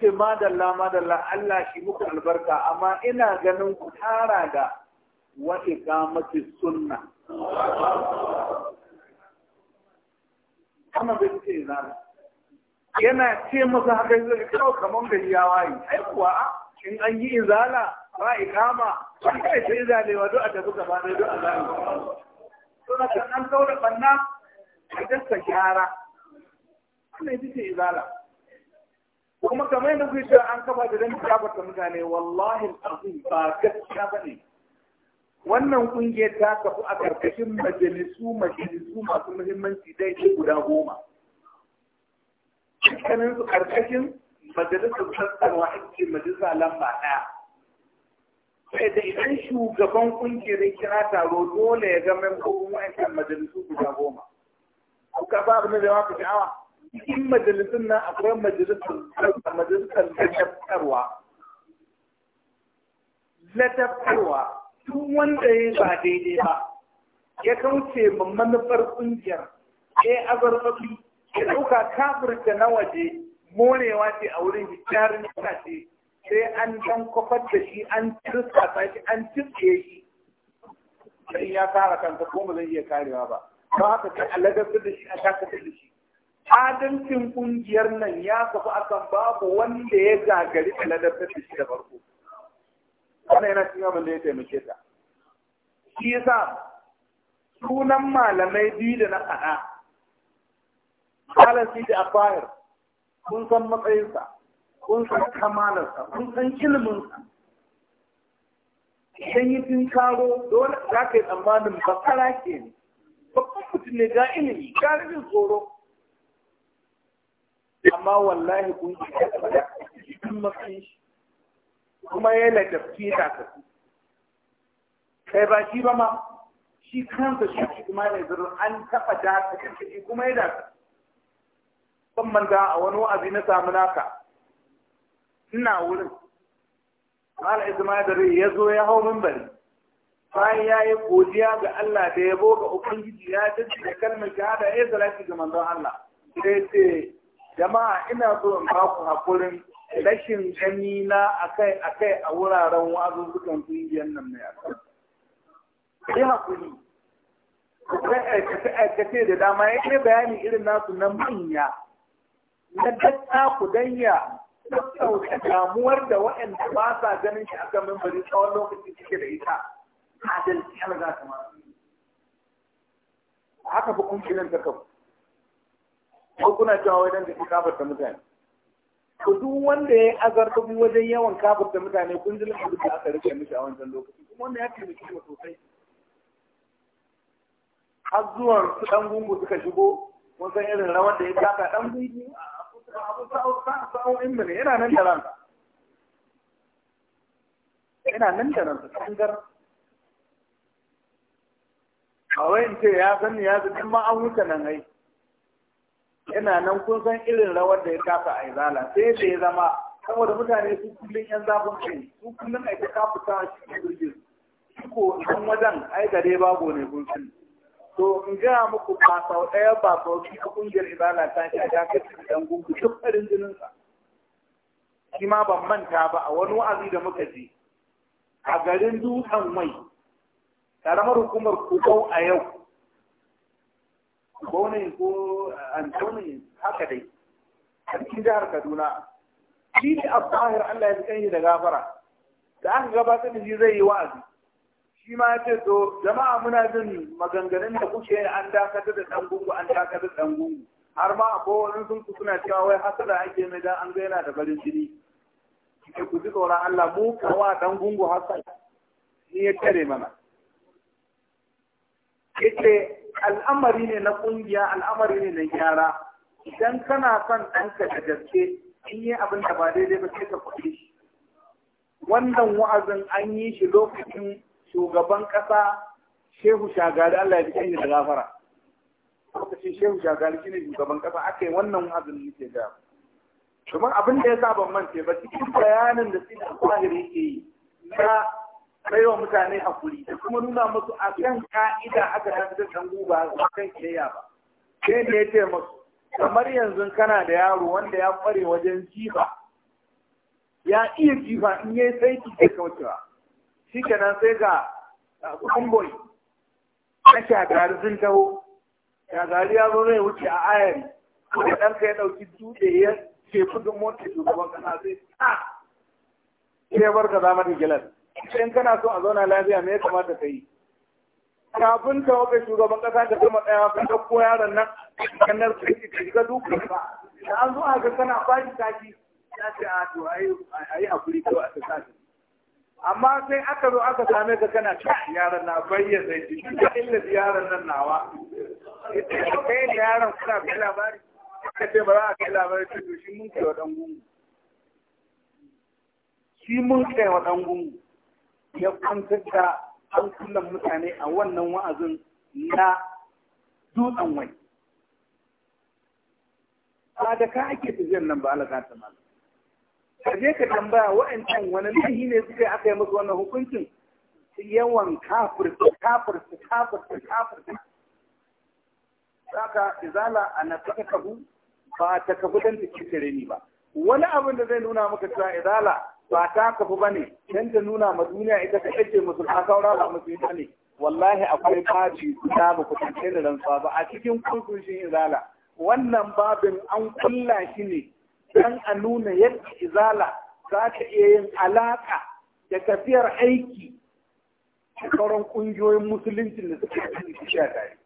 ce madalla madalla Allah shi muku albarka amma ina ganin ku tara da wata iqamati sunna kuma bai ce yana ce masa haka zai kawo kaman gayyawa yi ai kuwa in an yi izala ba ikama ba kai ta izalewa duk a tafi gaba ne ba. a zai to na kan an kaura banna a dasta gyara wannan ita ce izala kuma kamar yadda kuke cewa an kafa da dan tabbata mutane wallahi azim ba gaskiya bane wannan kungiyar ta kafu a karkashin majalisu majalisu masu muhimmanci dai guda goma dukkanin karkashin majalisar wa ake majalisa lamba ɗaya. Sai da idan shugaban kungiyar kira taro dole ya ga membobin wa'ancan majalisu guda goma. ka ba abin da ya wata sha'awa. Cikin majalisun nan akwai majalisar majalisar ladabtarwa. Ladabtarwa tun wanda ya ba daidai ba. Ya kauce ma manufar kungiyar. Ya azarfafi ya ɗauka kafirta na waje morewa ce a wurin hikyarin ta sai an dan kwafar da shi an turkasa shi an tirke shi sai ya fara kansa ko ba zai iya karewa ba Ta haka sai a ladabtar da shi a dakatar da shi adalcin ƙungiyar nan ya kafa kan babu wanda ya gagari a ladabtar da shi da farko wannan yana cikin abin da ya taimake ta shi yasa sunan malamai biyu da na faɗa Malam Sidi Afayar, kun san matsayinsa kun san kamalarsa kun san ilminsa. idan yi tun karo dole za ka yi tsammanin bakara ke ne babban mutum ne ga ilimi ga tsoro amma wallahi kun ji da cikin matsayin shi kuma ya lagabci ya takasu kai ba shi ba ma shi kansa shi kuma ne zurin an taɓa da kuma ya da kan manta a wani wa'azi na samu naka ina wurin mala ismail da ya zo ya hau mimbari bayan ya yi godiya ga Allah da ya boga ubangiji ya dace da kalmar shahada ya zalafi ga manzon Allah sai ce jama'a ina so in ba ku hakurin rashin gani na akai akai a wuraren dukan kungiyar nan mai aka yi hakuri aikace aikace da dama ya bayani irin nasu nan manya na dadda ku danya sassauta damuwar da waɗanda ba sa ganin shi a kan mimbari tsawon lokaci cike da ita adalci har za ta masu haka fi kungilan ta kafu ko kuna cewa wai dan kafar da mutane ku duk wanda ya azartabi wajen yawan kafar da mutane kun ji lafiya da aka rike mishi a wancan lokaci kuma wanda ya taimake mu sosai har zuwan su ɗan gungu suka shigo kun san irin rawar da ya taka ɗan gungu a sa'o'in mu ne nan da ransa yana nan da ransa kangar kawai ce ya sani ya zai ma an wuce nan ai yana nan kun san irin rawar da ya kafa a izala sai da ya zama saboda mutane su kullum yan zafin kai su kullum aika kafuta shi jirgin. su ko wajen ai gare bago ne kun sani to in gaya muku ba sau ɗaya ba sau a kungiyar ibada ta shi ta jakarta da gungu duk farin jinin sa shi ma ban manta ba a wani wa'azi da muka je a garin dutsen mai karamar hukumar kukau a yau gone ko an eh, antoni haka dai a cikin jihar kaduna shi ne a Allah ya fi da gafara da aka gabatar da shi zai yi wa'azi shi ma ya ce to jama'a muna jin maganganun da kuke an dakatar da dan gungu an dakatar da dan gungu har ma akwai wani sun ku suna cewa wai hasada ake mai dan an ga yana da barin jini ke ku ji tsoron Allah mu kawa dan gungu hasada ni ya tare mana yace al'amari ne na kungiya al'amari ne na gyara idan kana son ɗanka da gaske in yi abin da ba daidai ba sai ka kuɗi shi wannan wa'azin an yi shi lokacin shugaban ƙasa shehu shagari Allah ya jikin da gafara lokacin shehu shagari shine shugaban ƙasa aka yi wannan hazin nake da kuma abin da ya sa ban mance ba cikin bayanin da sina zahiri yake yi na kai wa mutane hakuri da kuma nuna musu a kan ka'ida aka tafi da guba ba kan kiyaya ba sai ne ya ce musu kamar yanzu kana da yaro wanda ya kware wajen jifa ya iya jifa in yayi saiti da kaucewa shi kenan sai ga kumboy na shagari sun taho shagari ya zo zai wuce a ayari da ɗanka ya ɗauki dutse ya ce kudin mota shugaban kasa sai ta sai ka zama da gilas in kana so a zauna lafiya me ya kamata ka yi kafin ta waka shugaban kasa ta ɗaya, tsaya ka ɗauko yaron nan kanar ka yi ka ga dukkan ba da an zo a ga kana fashi taki ya ce a to a yi hakuri ko a ta sashi amma sai aka zo aka same ka kana ta yaran na bayyana shi da illa yaran nan nawa kai da yaran kuna da labari ka ce ba za ka kai labari ta shi mun kai wa dan gungu shi mun kai wa dan gungu ya kwantar da kullum mutane a wannan wa'azin na dutsen wani ba da ka ake tafiyar nan ba alaƙa ta malam ka je ka tambaya wa'ancan wani nahi ne suka aka yi musu wannan hukuncin yawan kafir su kafirta su saka izala a na ta kafu, ba ta kafu don ta kitare ni ba wani abin da zai nuna maka cewa izala ba ta kafu ba ne don ta nuna ma duniya ita ta ake musulma saura ba yi ne wallahi akwai babi guda ba ku tantance da rantsuwa ba a cikin kurkushin izala wannan babin an kulla shi ne dan a nuna yadda izala za ta iya yin alaƙa da tafiyar aiki a sauran ƙungiyoyin musulunci da suke kan sha tare.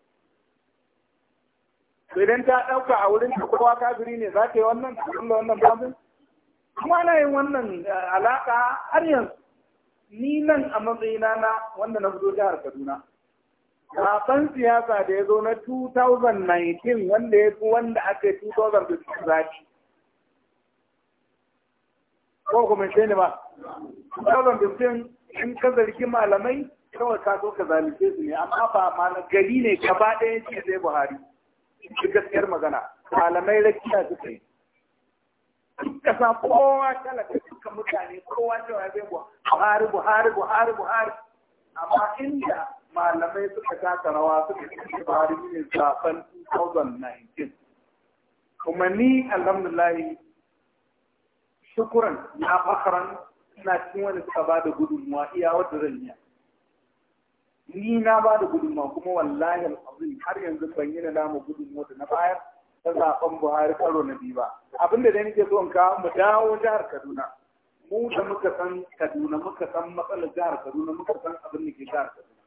Idan ta ɗauka a wurin ta kowa kafiri ne za ta yi wannan kafin da wannan babin? Kuma ana yin wannan eh, alaƙa har yanzu. Ni nan a matsayina na wanda na fito jihar Kaduna. Kafan siyasa da ya zo na 2019 wanda ya fi wanda aka yi 2015 zafi. ko kuma ce ne ba sun in ka zargi malamai kawai ka zo ka zalice su ne amma ba mana gari ne ka ba ɗaya ce zai buhari shi gaskiyar magana malamai rakiya suka yi kasa kowa talaka suka mutane kowa cewa zai buhari buhari buhari buhari amma inda malamai suka taka rawa suka ce buhari ne zaben 2019 kuma ni alhamdulahi shukuran ya fakaran ina cikin wani suka ba da gudunmuwa iya wata zan yi ni na ba da gudunmuwa kuma wallahi al'azim har yanzu ban yi na damu gudunmuwa da na bayar ta zaɓen buhari karo na biyu ba Abin da nake so in kawo mu dawo jihar kaduna mu da muka san kaduna muka san matsalar jihar kaduna muka san abin da ke jihar kaduna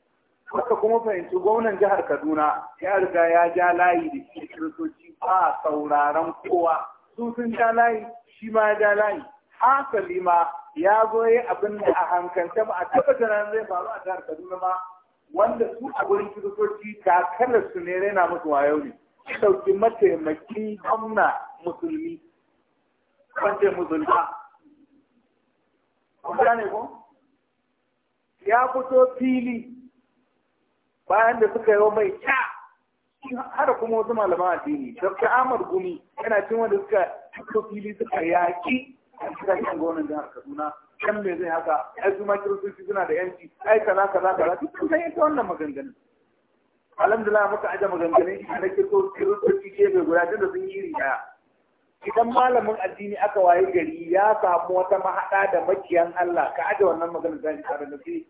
haka kuma fahimci gwamnan jihar kaduna ya riga ya ja layi da shi kiristoci ba sauraron kowa su sun ja layi shi ma ya ja layi hasali ma ya goye abin da a hankalta ba a tabbatar zai faru a jihar Kaduna ma wanda su a gurin kiristoci kakalar su ne raina musu wayo ne ɗauki mataimakin gwamna musulmi kwance musulma kuma ne ko ya fito fili bayan da suka yi wa mai kya har kuma wasu malaman addini dr ahmad gumi yana cin wanda suka fito fili suka yaki a cikin gwamnan jihar kaduna kan me zai haka ai su ma kiristoci suna da yanci ai kaza kaza kaza duk sun san ita wannan maganganun alhamdulillah muka aje maganganun shi na ke mai guda tunda sun yi iri daya idan malamin addini aka waye gari ya samu wata mahaɗa da makiyan Allah ka aje wannan maganar zai tare da sai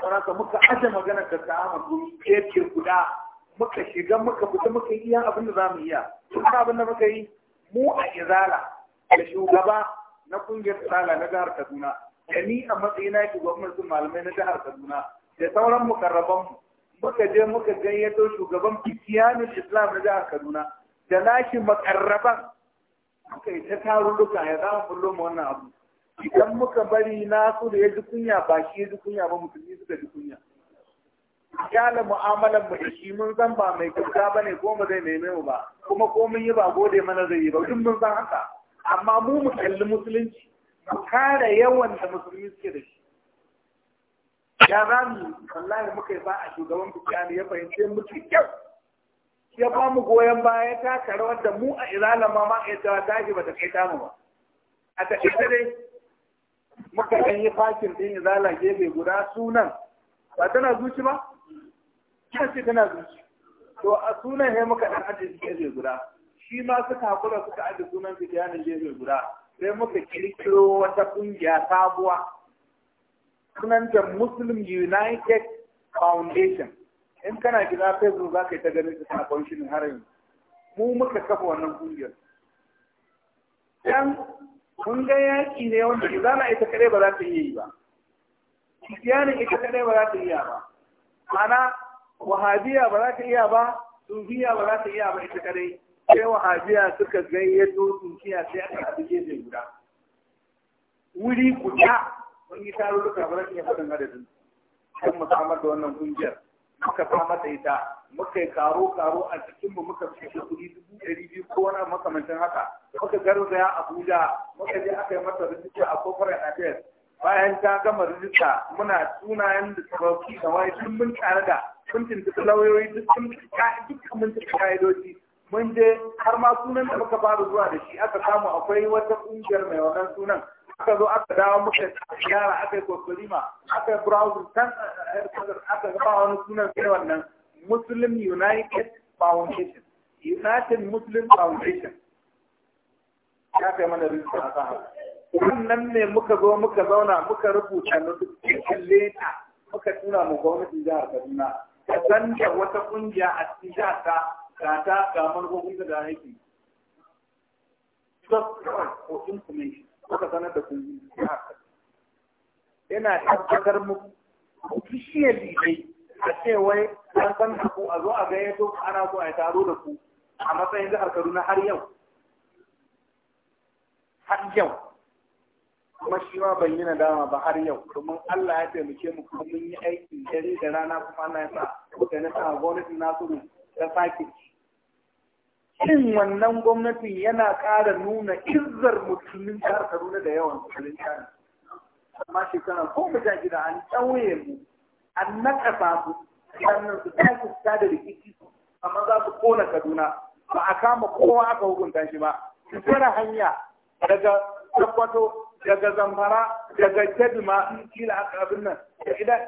saraka muka aje magana da ta ama gumi ke guda muka shiga muka fita muka iya abin da zamu iya tun abin da muka yi mu a izala da shugaba na kungiyar izala na jihar Kaduna da ni a matsayina yake gwamnatin malamai na jihar Kaduna da sauran mukarraban mu muka je muka gayyato shugaban fitiyanin Islam na jihar Kaduna da nashi makarraban muka yi ta tarurruka ya zama bullo ma wannan abu idan muka bari nasu da ya ji kunya ba shi ya ji kunya ba musulmi suka ji kunya kyala mu'amalar mu da shi mun san ba mai kyauta ba ne ko mu zai neme mu ba kuma ko mun yi ba gode mana zai yi ba duk mun san haka amma mu mu kalli musulunci mu kare yawan da musulmi suke da shi ya rami wallahi muka yi ba a shugaban bukiyani ya fahimce mu kyau ya ba mu goyon baya ta taka rawar da mu a izalama ma ta ba ta kai mu ba a taƙaice dai muka ɗan yi fashin ɗin zala gefe guda sunan ba tana zuci ba kina ce tana zuci to a sunan sai muka ɗan aje gefe guda shi ma suka haƙura suka aje sunan su kiyanin gefe guda sai muka kirkiro wata ƙungiya sabuwa da Muslim United Foundation in kana gida Facebook za ka yi ta ganin su sakon ne har yanzu mu muka kafa wannan ƙungiyar. Yan kun ga yaki ne wanda zana ita kadai ba za ta yi ba kiriyanin ita kadai ba za ta yi ba mana wahabiya ba za ta iya ba sufiya ba za ta iya ba ita kadai sai wahabiya suka gayyato sufiya sai aka haɗu gefe guda wuri guda mun yi tarurruka ba za ta iya faɗin adadin kan musamman da wannan kungiyar muka sa mata ita muka yi karo karo a cikin mu muka kashe kuɗi dubu ɗari biyu ko wani makamancin haka muka ya Abuja muka je aka yi mata rijista a kofarin affairs bayan ta gama rijista muna sunayen da sarauki da wani tun mun tare da kun tuntuɓi lauyoyi duk sun dukkan mun tuntuɓi ka'idoji mun je har ma sunan da muka fara zuwa da shi aka samu akwai wata ƙungiyar mai wannan sunan aka zo aka dawo muka gyara aka yi kokolima aka yi browser uh, uh, kan aka ga wani sunan sai wannan muslim united foundation united muslim foundation ya kai mana rinsa a kan haka wannan ne muka zo muka zauna muka rubuta na cikin leta muka tuna mu gwamnatin jihar kaduna ta sanda wata kungiya a cikin jihar ta ga ta ga manufofin da aiki. Just for information. kuka sanar da ku haka ina tabbatar muku officially dai a ce wai an san ku a zo a gayyato ana so a taro da ku a matsayin jihar Kaduna har yau har yau kuma shi ma ban yi nadama ba har yau domin Allah ya taimake mu kuma mun yi aiki dare da rana kuma Allah ya sa mutane sa gwamnatin Nasiru da sake in wannan gwamnati yana ƙara nuna izzar musulmin karkaru Kaduna da yawan musulmin jihar. Amma shekara ko mu ja gida an ɗauye mu, an naƙasa su, sannan su tashi su da rikici amma za su kona Kaduna. Ba a kama kowa aka hukunta shi ba. Su tsira hanya daga tabbato, daga Zamfara, daga Kedma, kila aka abin nan. Idan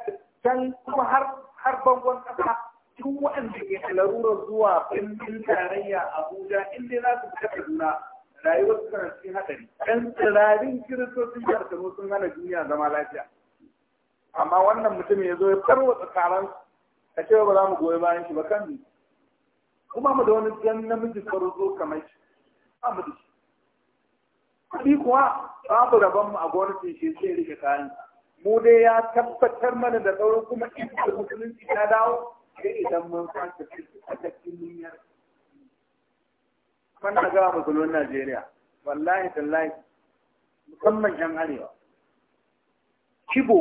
can kuma har bangon ƙasa duk waɗanda ke da larurar zuwa birnin tarayya Abuja inda za su fita Kaduna rayuwar su tana cikin haɗari. Ɗan tsirarin kiristocin jihar Kano sun hana duniya zama lafiya. Amma wannan mutum ya zo ya wasu taron ka ce ba za mu goyi bayan shi ba kan ni. Kuma mu da wani ɗan namiji zo kamar shi. Ba mu da shi. Kuɗi kuwa babu rabon mu a gwamnatin shi sai rike kayan. Mu dai ya tabbatar mana da sauran kuma in musulunci ta dawo sai idan mun fasa cikin niyyar wannan ga musulmin Najeriya wallahi tallahi musamman yan arewa kibo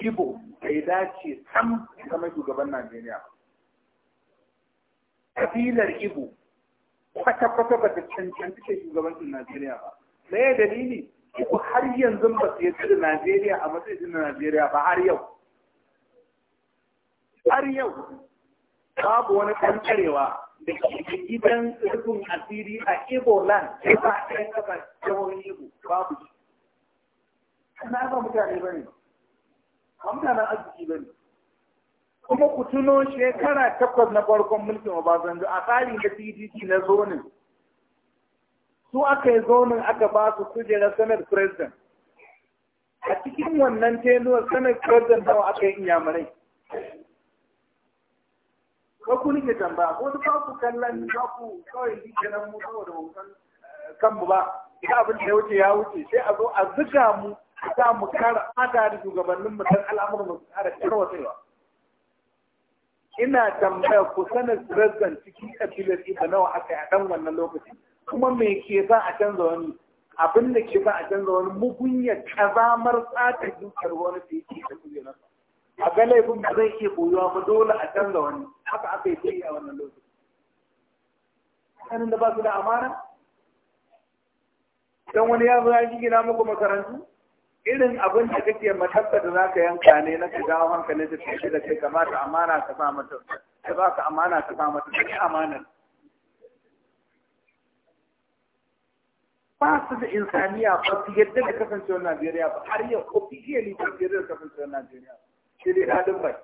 kibo bai dace sam zama shugaban Najeriya kabilar ibo kwata-kwata ba ta cancanci ce shugabancin Najeriya ba me dalili ibo har yanzu ba su yadda da Najeriya a matsayin Najeriya ba har yau har yau babu wani kankarewa da ke gidan rufin asiri a Igbo land ya ba ɗaya kasa jihohin Igbo babu shi. Kana ba mutane ba ne, ba mutanen arziki ba ne. Kuma ku tuno shekara takwas na farkon mulkin Obasanjo a tsari da PDP na zonin. Su aka yi zonin aka ba su kujerar Senate President. A cikin wannan tenuwar Senate President nawa aka yi inyamurai. ko ku nike tambaya ko ba ku kallon ba kawai shi kenan mu saboda mu san eh, kanmu ba ita abin da ya wuce ya wuce sai a zo a zuga mu za mu kara ta da shugabannin mu dan al'amuran mu kara tarwatsewa ina tambaya ku sanar ciki cikin kabilar da nawa aka yi a dan wannan lokaci kuma me ke sa a canza wani abin da ke sa a canza wani mugunya kazamar tsata dukiyar wani da yake da nasa a ga laifin da zai iya koyuwa ba dole a canza wani haka aka yi a wannan lokaci sanin da ba su da amana don wani ya zo ya gina muku makarantu irin abin da kake matabba da zaka yanka ne na ka jawo hankalin da take da kai kamata amana ka sa mata ka ba ka amana ka sa mata kai amana ba su da insaniya ba su yadda da kasancewar Najeriya ba har yau ko fiye ne kasancewar Najeriya ba shiri da daɗin bai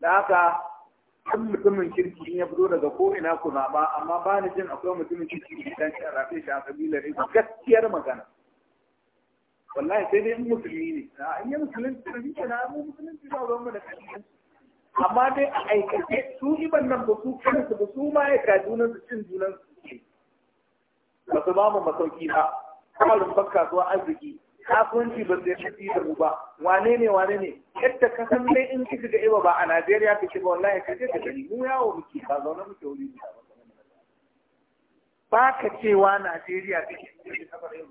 da haka kan mutumin kirki in ya fito daga ko'ina ku ba, amma ba ni jin akwai mutumin kirki da dan shi a rafe shi a kabilar ne gaskiyar magana wallahi sai dai in musulmi ne in yi musulunci da shi na mu musulunci ba ruwan mu da kabilan amma dai a aikace su iban nan ba su kansu ba su ma ya ka junan su cin junan su ba su ba mu masauki ba kawalin bakka zuwa arziki kasuwanci ba zai fi da mu ba wane ne wane ne yadda ka san dai in kika ga iba ba a Najeriya kike ba wallahi ka je ka gani mu yawo muke ba zaune muke wuri ba ka cewa Najeriya kike kike kabar yau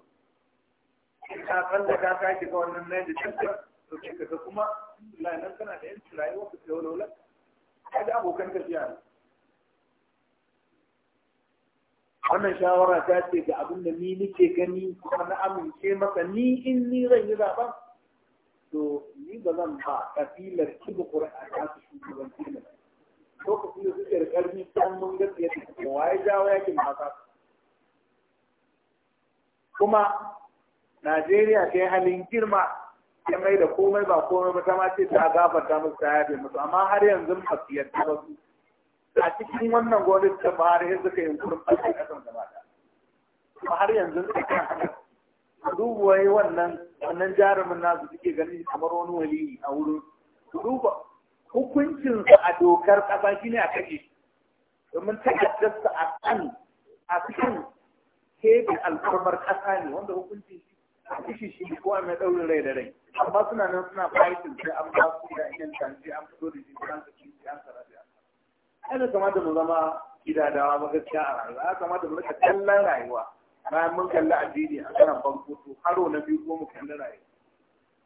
ka san da ka ka ga wannan ne da tantar to kika ga kuma wallahi nan kana da yanci rayuwa ka tsawo wala. kaga abokan tafiya ne wannan shawara ta ce ga abin da ni nake gani kuma na amince maka ni in ni zan yi zaɓen to ni ba zan ba kafilar kiba ƙura'a ta su shugabanci ne lokacin da suke da ƙarfi ta mun gaskiya ta kuma waye jawo yakin mata kuma Najeriya ta yi halin girma ta mai da komai ba komai ba ta ma ce ta gafarta musu ta yafe musu amma har yanzu ba su yarda ba su a cikin wannan gwamnati ta Buhari ya suka yi kurin a ƙasar gaba ɗaya kuma har yanzu suka kan haka duba wai wannan wannan jarumin nasu suke ganin kamar wani waliyi a wurin duba sa a dokar kasa shi ne a kashe domin ta'addarsa a kan a cikin kebe alfarmar kasa ne wanda hukuncin shi a kashe shi ko a mai ɗaurin rai da rai amma suna nan suna fahimtar sai an ba su da yan tanzi an fito da shi an saki an sara ana kamata mu zama gidadawa ba gaskiya a rayuwa ana kamata mu rika kallon rayuwa bayan mun kalli addini a karan bankutu haro na biyu ko mu kalli rayuwa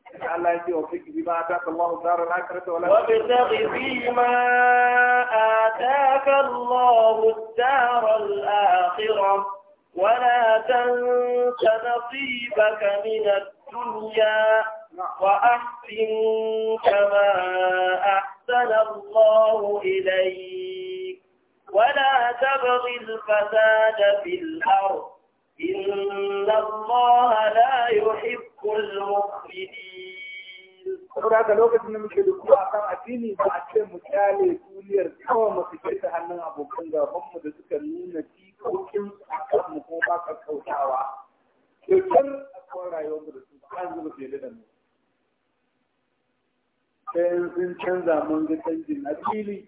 الله يجي وفيك بما آتاك الله دار الآخرة ولا وابتغ فيما آتاك الله الدار الآخرة ولا تنس نصيبك من الدنيا وأحسن كما أحسن أحسن الله إليك ولا تبغ الفساد في الأرض إن الله لا يحب المفسدين saboda ga lokacin da muke da kuma akan addini ba a ce mu kyale duniyar kawai mu fice ta hannun abokan gaban da suka nuna tikokin akan mu ko ba ka kautawa. Kyautar kan rayuwar da su ba an zuba fiye da mu. sai sun canza mun ga canjin na fili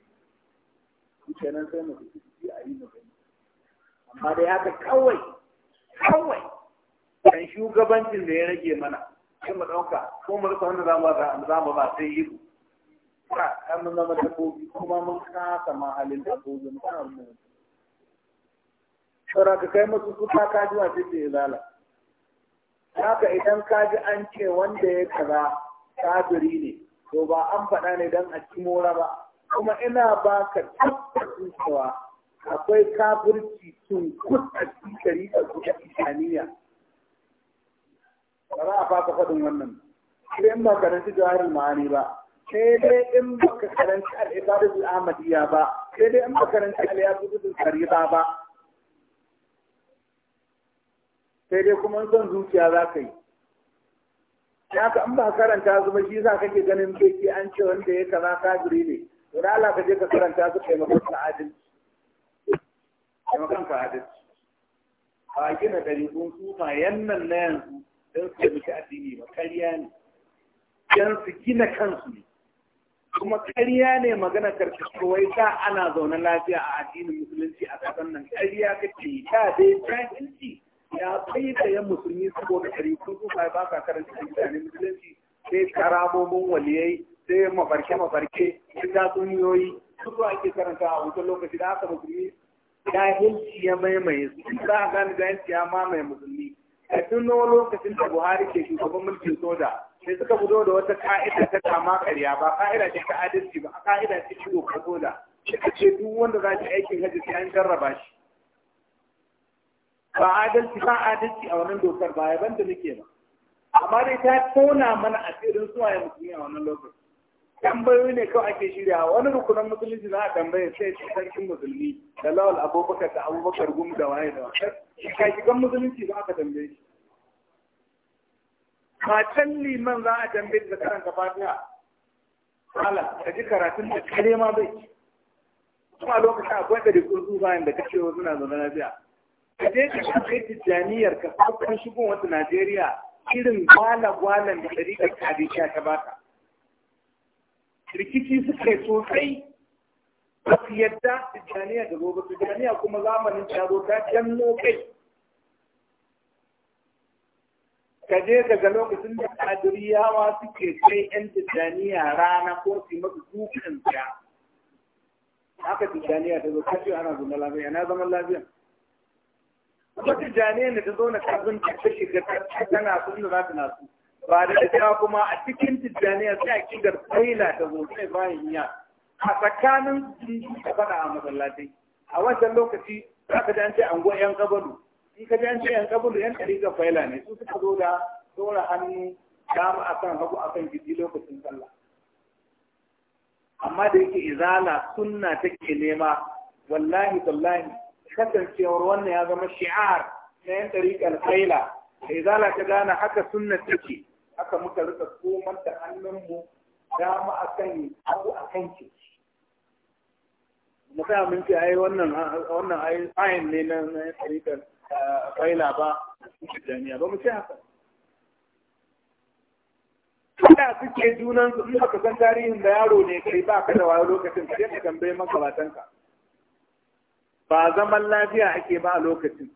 nan sai mu fi a yi magana amma da ya ta kawai kawai kan shugabancin da ya rage mana sai mu ɗauka ko mu rika wanda za mu ba sai yi ba kan mun zama dabbobi kuma mun kasa ma halin dabbobi mun kasa mun saura ka kai musu su ta kaji wa sai ya zala haka idan kaji an ce wanda ya kaza kafiri ne to ba an faɗa ne don a ci mora ba kuma ina ba ka tabbacin cewa akwai kafirci sun kusa cikari a kusa isaniya ba za a fasa faɗin wannan sai in ba karanci jawarin ma'ani ba sai dai in ba ka karanci al'ibadu ahmadiyya ba sai dai in ba karanci al'ibadu kariba ba sai dai kuma son zuciya za ka yi ya ka in ba karanta su ba shi za kake ganin beki an ce wanda ya kama kafiri ne to da Allah ka je ka karanta su kai maka adalci kai maka ka adalci ba gina dariƙun sufa yannan na yanzu don su yi ta addini ba kariya ne don su gina kansu ne kuma kariya ne magana karshe wai ta ana zaune lafiya a addinin musulunci a kasan nan kariya kake ta dai jahilci ya tsaye yan musulmi saboda ɗari kun tsufa ba ka karanta islamin musulunci sai karamomin waliyai sai mafarke-mafarke sai tatsuniyoyi duk ba ake karanta a wancan lokaci da aka musulmi jahilci ya maimaye su in za a gane jahilci ya mamaye musulmi a nawa lokacin da buhari ke shugaban mulkin soja sai suka fito da wata ka'ida ta kama karya ba ka'ida ce ta adalci ba ka'ida ce ta ka soja suka ce duk wanda za aikin hajji sai an jarraba shi ba adalci ba adalci a wannan dokar ba yaban da nake ba amma dai ta tona mana asirin ya musulmi a wannan lokaci tambayoyi ne kawai ake shirya wani rukunan musulunci za a tambaye sai shi sarkin musulmi da lawal abubakar da abubakar gum da waye da waye kakikan musulunci za ka tambaye shi matan liman za a tambaye da ka fatiha ala ka ji karatun da kare ma bai kuma lokacin akwai da rikon su bayan da kashewa suna zaune lafiya ka je ka kafe tijjaniyar ka farkon shigo wata Najeriya irin gwala-gwalan da ɗariƙar kadisha ta baka. Rikici suka yi sosai ba su yadda tijjaniya da gobe tijjaniya kuma zamanin ta zo ta janno kai. Ka je daga lokacin da kadiriyawa suke kai 'yan tijjaniya rana ko su masu dukan siya. Haka tijjaniya ta zo ta ce ana zama lafiya, na zaman lafiya. wata jane ne ta zo na kazin ta shiga tana sun da za ta nasu ba da ta kuma a cikin tijjaniya sai a kidar tsaila ta zo sai bayan ya a tsakanin sun ta faɗa a masallatai a wancan lokaci za ka ji an ce yan kabalu in ka ji an ce yan kabalu yan ga faila ne su suka zo da hannu dama a kan hagu a kan gidi lokacin sallah amma da yake izala sunna take nema wallahi wallahi. kasancewar wannan ya zama shi'ar na yan tariƙar sai da izala ta gane haka sunna take haka muka rika komar da hannunmu mu a kan abu a kan ki mu sa mun a ai wannan wannan ai ne na yan tariƙar kaila eh, ba jami'a ba mu ce haka Ina suke su in ka san tarihin da yaro ne kai ba ka da wayo lokacin sai ka tambaye maka batanka. ba zaman lafiya ake ba a lokacin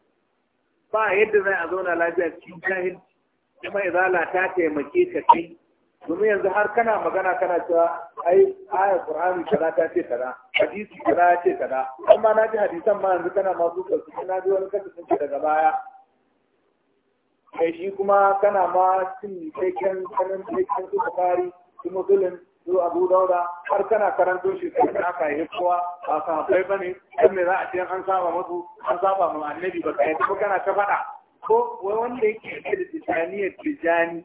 ba yadda zai a zauna lafiya cikin jahil kuma izala ta taimake ka kai domin yanzu har kana magana kana cewa ai ayar qur'ani kaza ta ce kaza hadisi kaza ce kaza amma na ji hadisan ma yanzu kana ma zuwa su na ji wani kasu sun daga baya kai shi kuma kana ma cin cikakken kanan cikakken su bukari kuma zulun su abu daura har kana karanto shi kai kana ka yi kowa ba ka bai bane dan ne za a ce an saba musu an saba mu annabi ba kai kuma kana ta fada ko wanda yake da tijaniyar tijani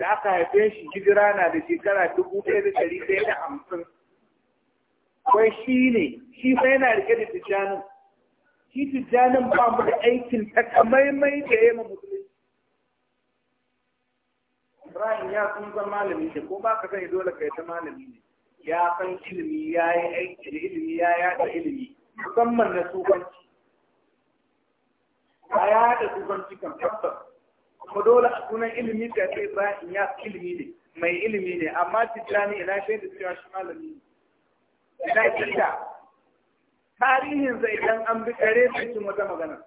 da aka haife shi hijira na da shekara dubu ɗaya da ɗari ɗaya da hamsin Kwai shi ne shi fa yana rike da tijanin shi tijanin ba mu da aikin takamaimai da ya mu mutum Ibrahim ya sun zan malami ne ko ba ka sani dole ka yi ta malami ne ya san ilimi ya yi aiki da ilimi ya yaɗa ilimi musamman na Ba ya yaɗa tsufanci kan tabbas kuma dole a sunan ilimi ka sai Ibrahim ya ilimi ne mai ilimi ne amma tijjani ina da cewa shi malami ne ina shaida tarihin zai idan an bi kare cikin wata magana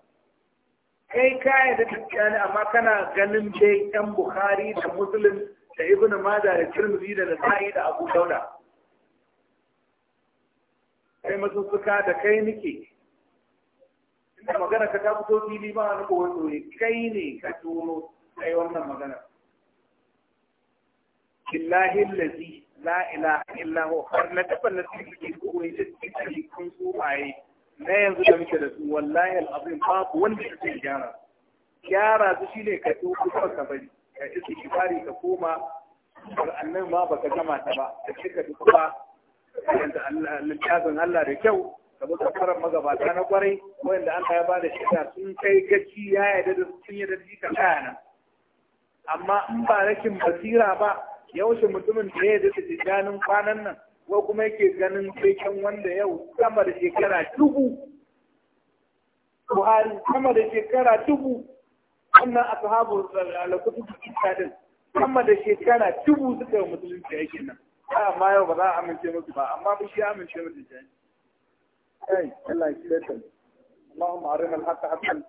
kai kaya da ne, amma kana ganin dai yan bukhari da muslim da ibn mada da tirmidhi da nasa'i da abu dauda kai masussuka da kai nike inda magana ka ta fito fili ba wani kowa tsoye kai ne ka tono kai wannan magana billahi lazi la ilaha illa hu har na tabbata cikin koyi da cikin kun tsubaye na yanzu da muke da su wallahi al'azim babu wanda yake gyara gyara su shine ka so kuma ka bari ka isi fari ka koma annan ma baka gama ta ba ka ce ka duba yanda Allah littafin Allah da kyau ka bi karar magabata na kwarai wanda Allah ya ba da shida sun kai gaci ya yarda da sun yarda da ka kana amma in ba rashin basira ba yaushe mutumin da ya yarda da tijanin kwanan nan ko kuma yake ganin kan wanda yau sama da shekara dubu Buhari sama da shekara dubu wannan ashabu al-kutub al-kitabin sama da shekara dubu suka yi musulunci yake nan amma yau ba za a amince musu ba amma mu shi amince musu ta kai Allah ya kira ta اللهم أرنا الحق حقا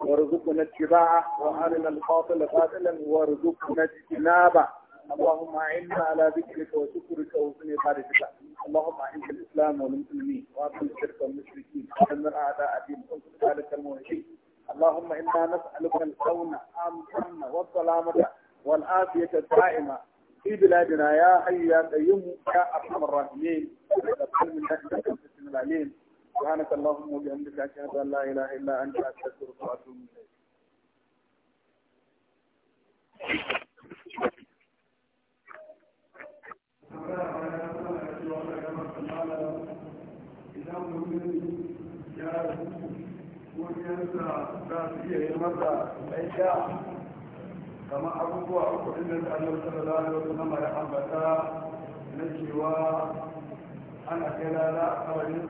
وارزقنا اتباعه وأرنا الباطل باطلا وارزقنا اجتنابه اللهم أعنا على ذكرك وشكرك وحسن عبادتك اللهم أعز الإسلام والمسلمين واعطنا الشرك والمشركين ودمر أعداء الدين وانصر ذلك الموحدين اللهم إنا نسألك الكون آمنا والسلامة والعافية الدائمة في بلادنا يا حي يا قيوم يا أرحم الراحمين العليم سبحانك اللهم وبحمدك أشهد أن لا إله إلا أنت أستغفرك وأتوب إليك wurin ya wuriyansa za su iya yi kamar abubuwa uku inda da annabi sallallahu alaihi wasallam ya ambata na cewa ana kai lala a kabarin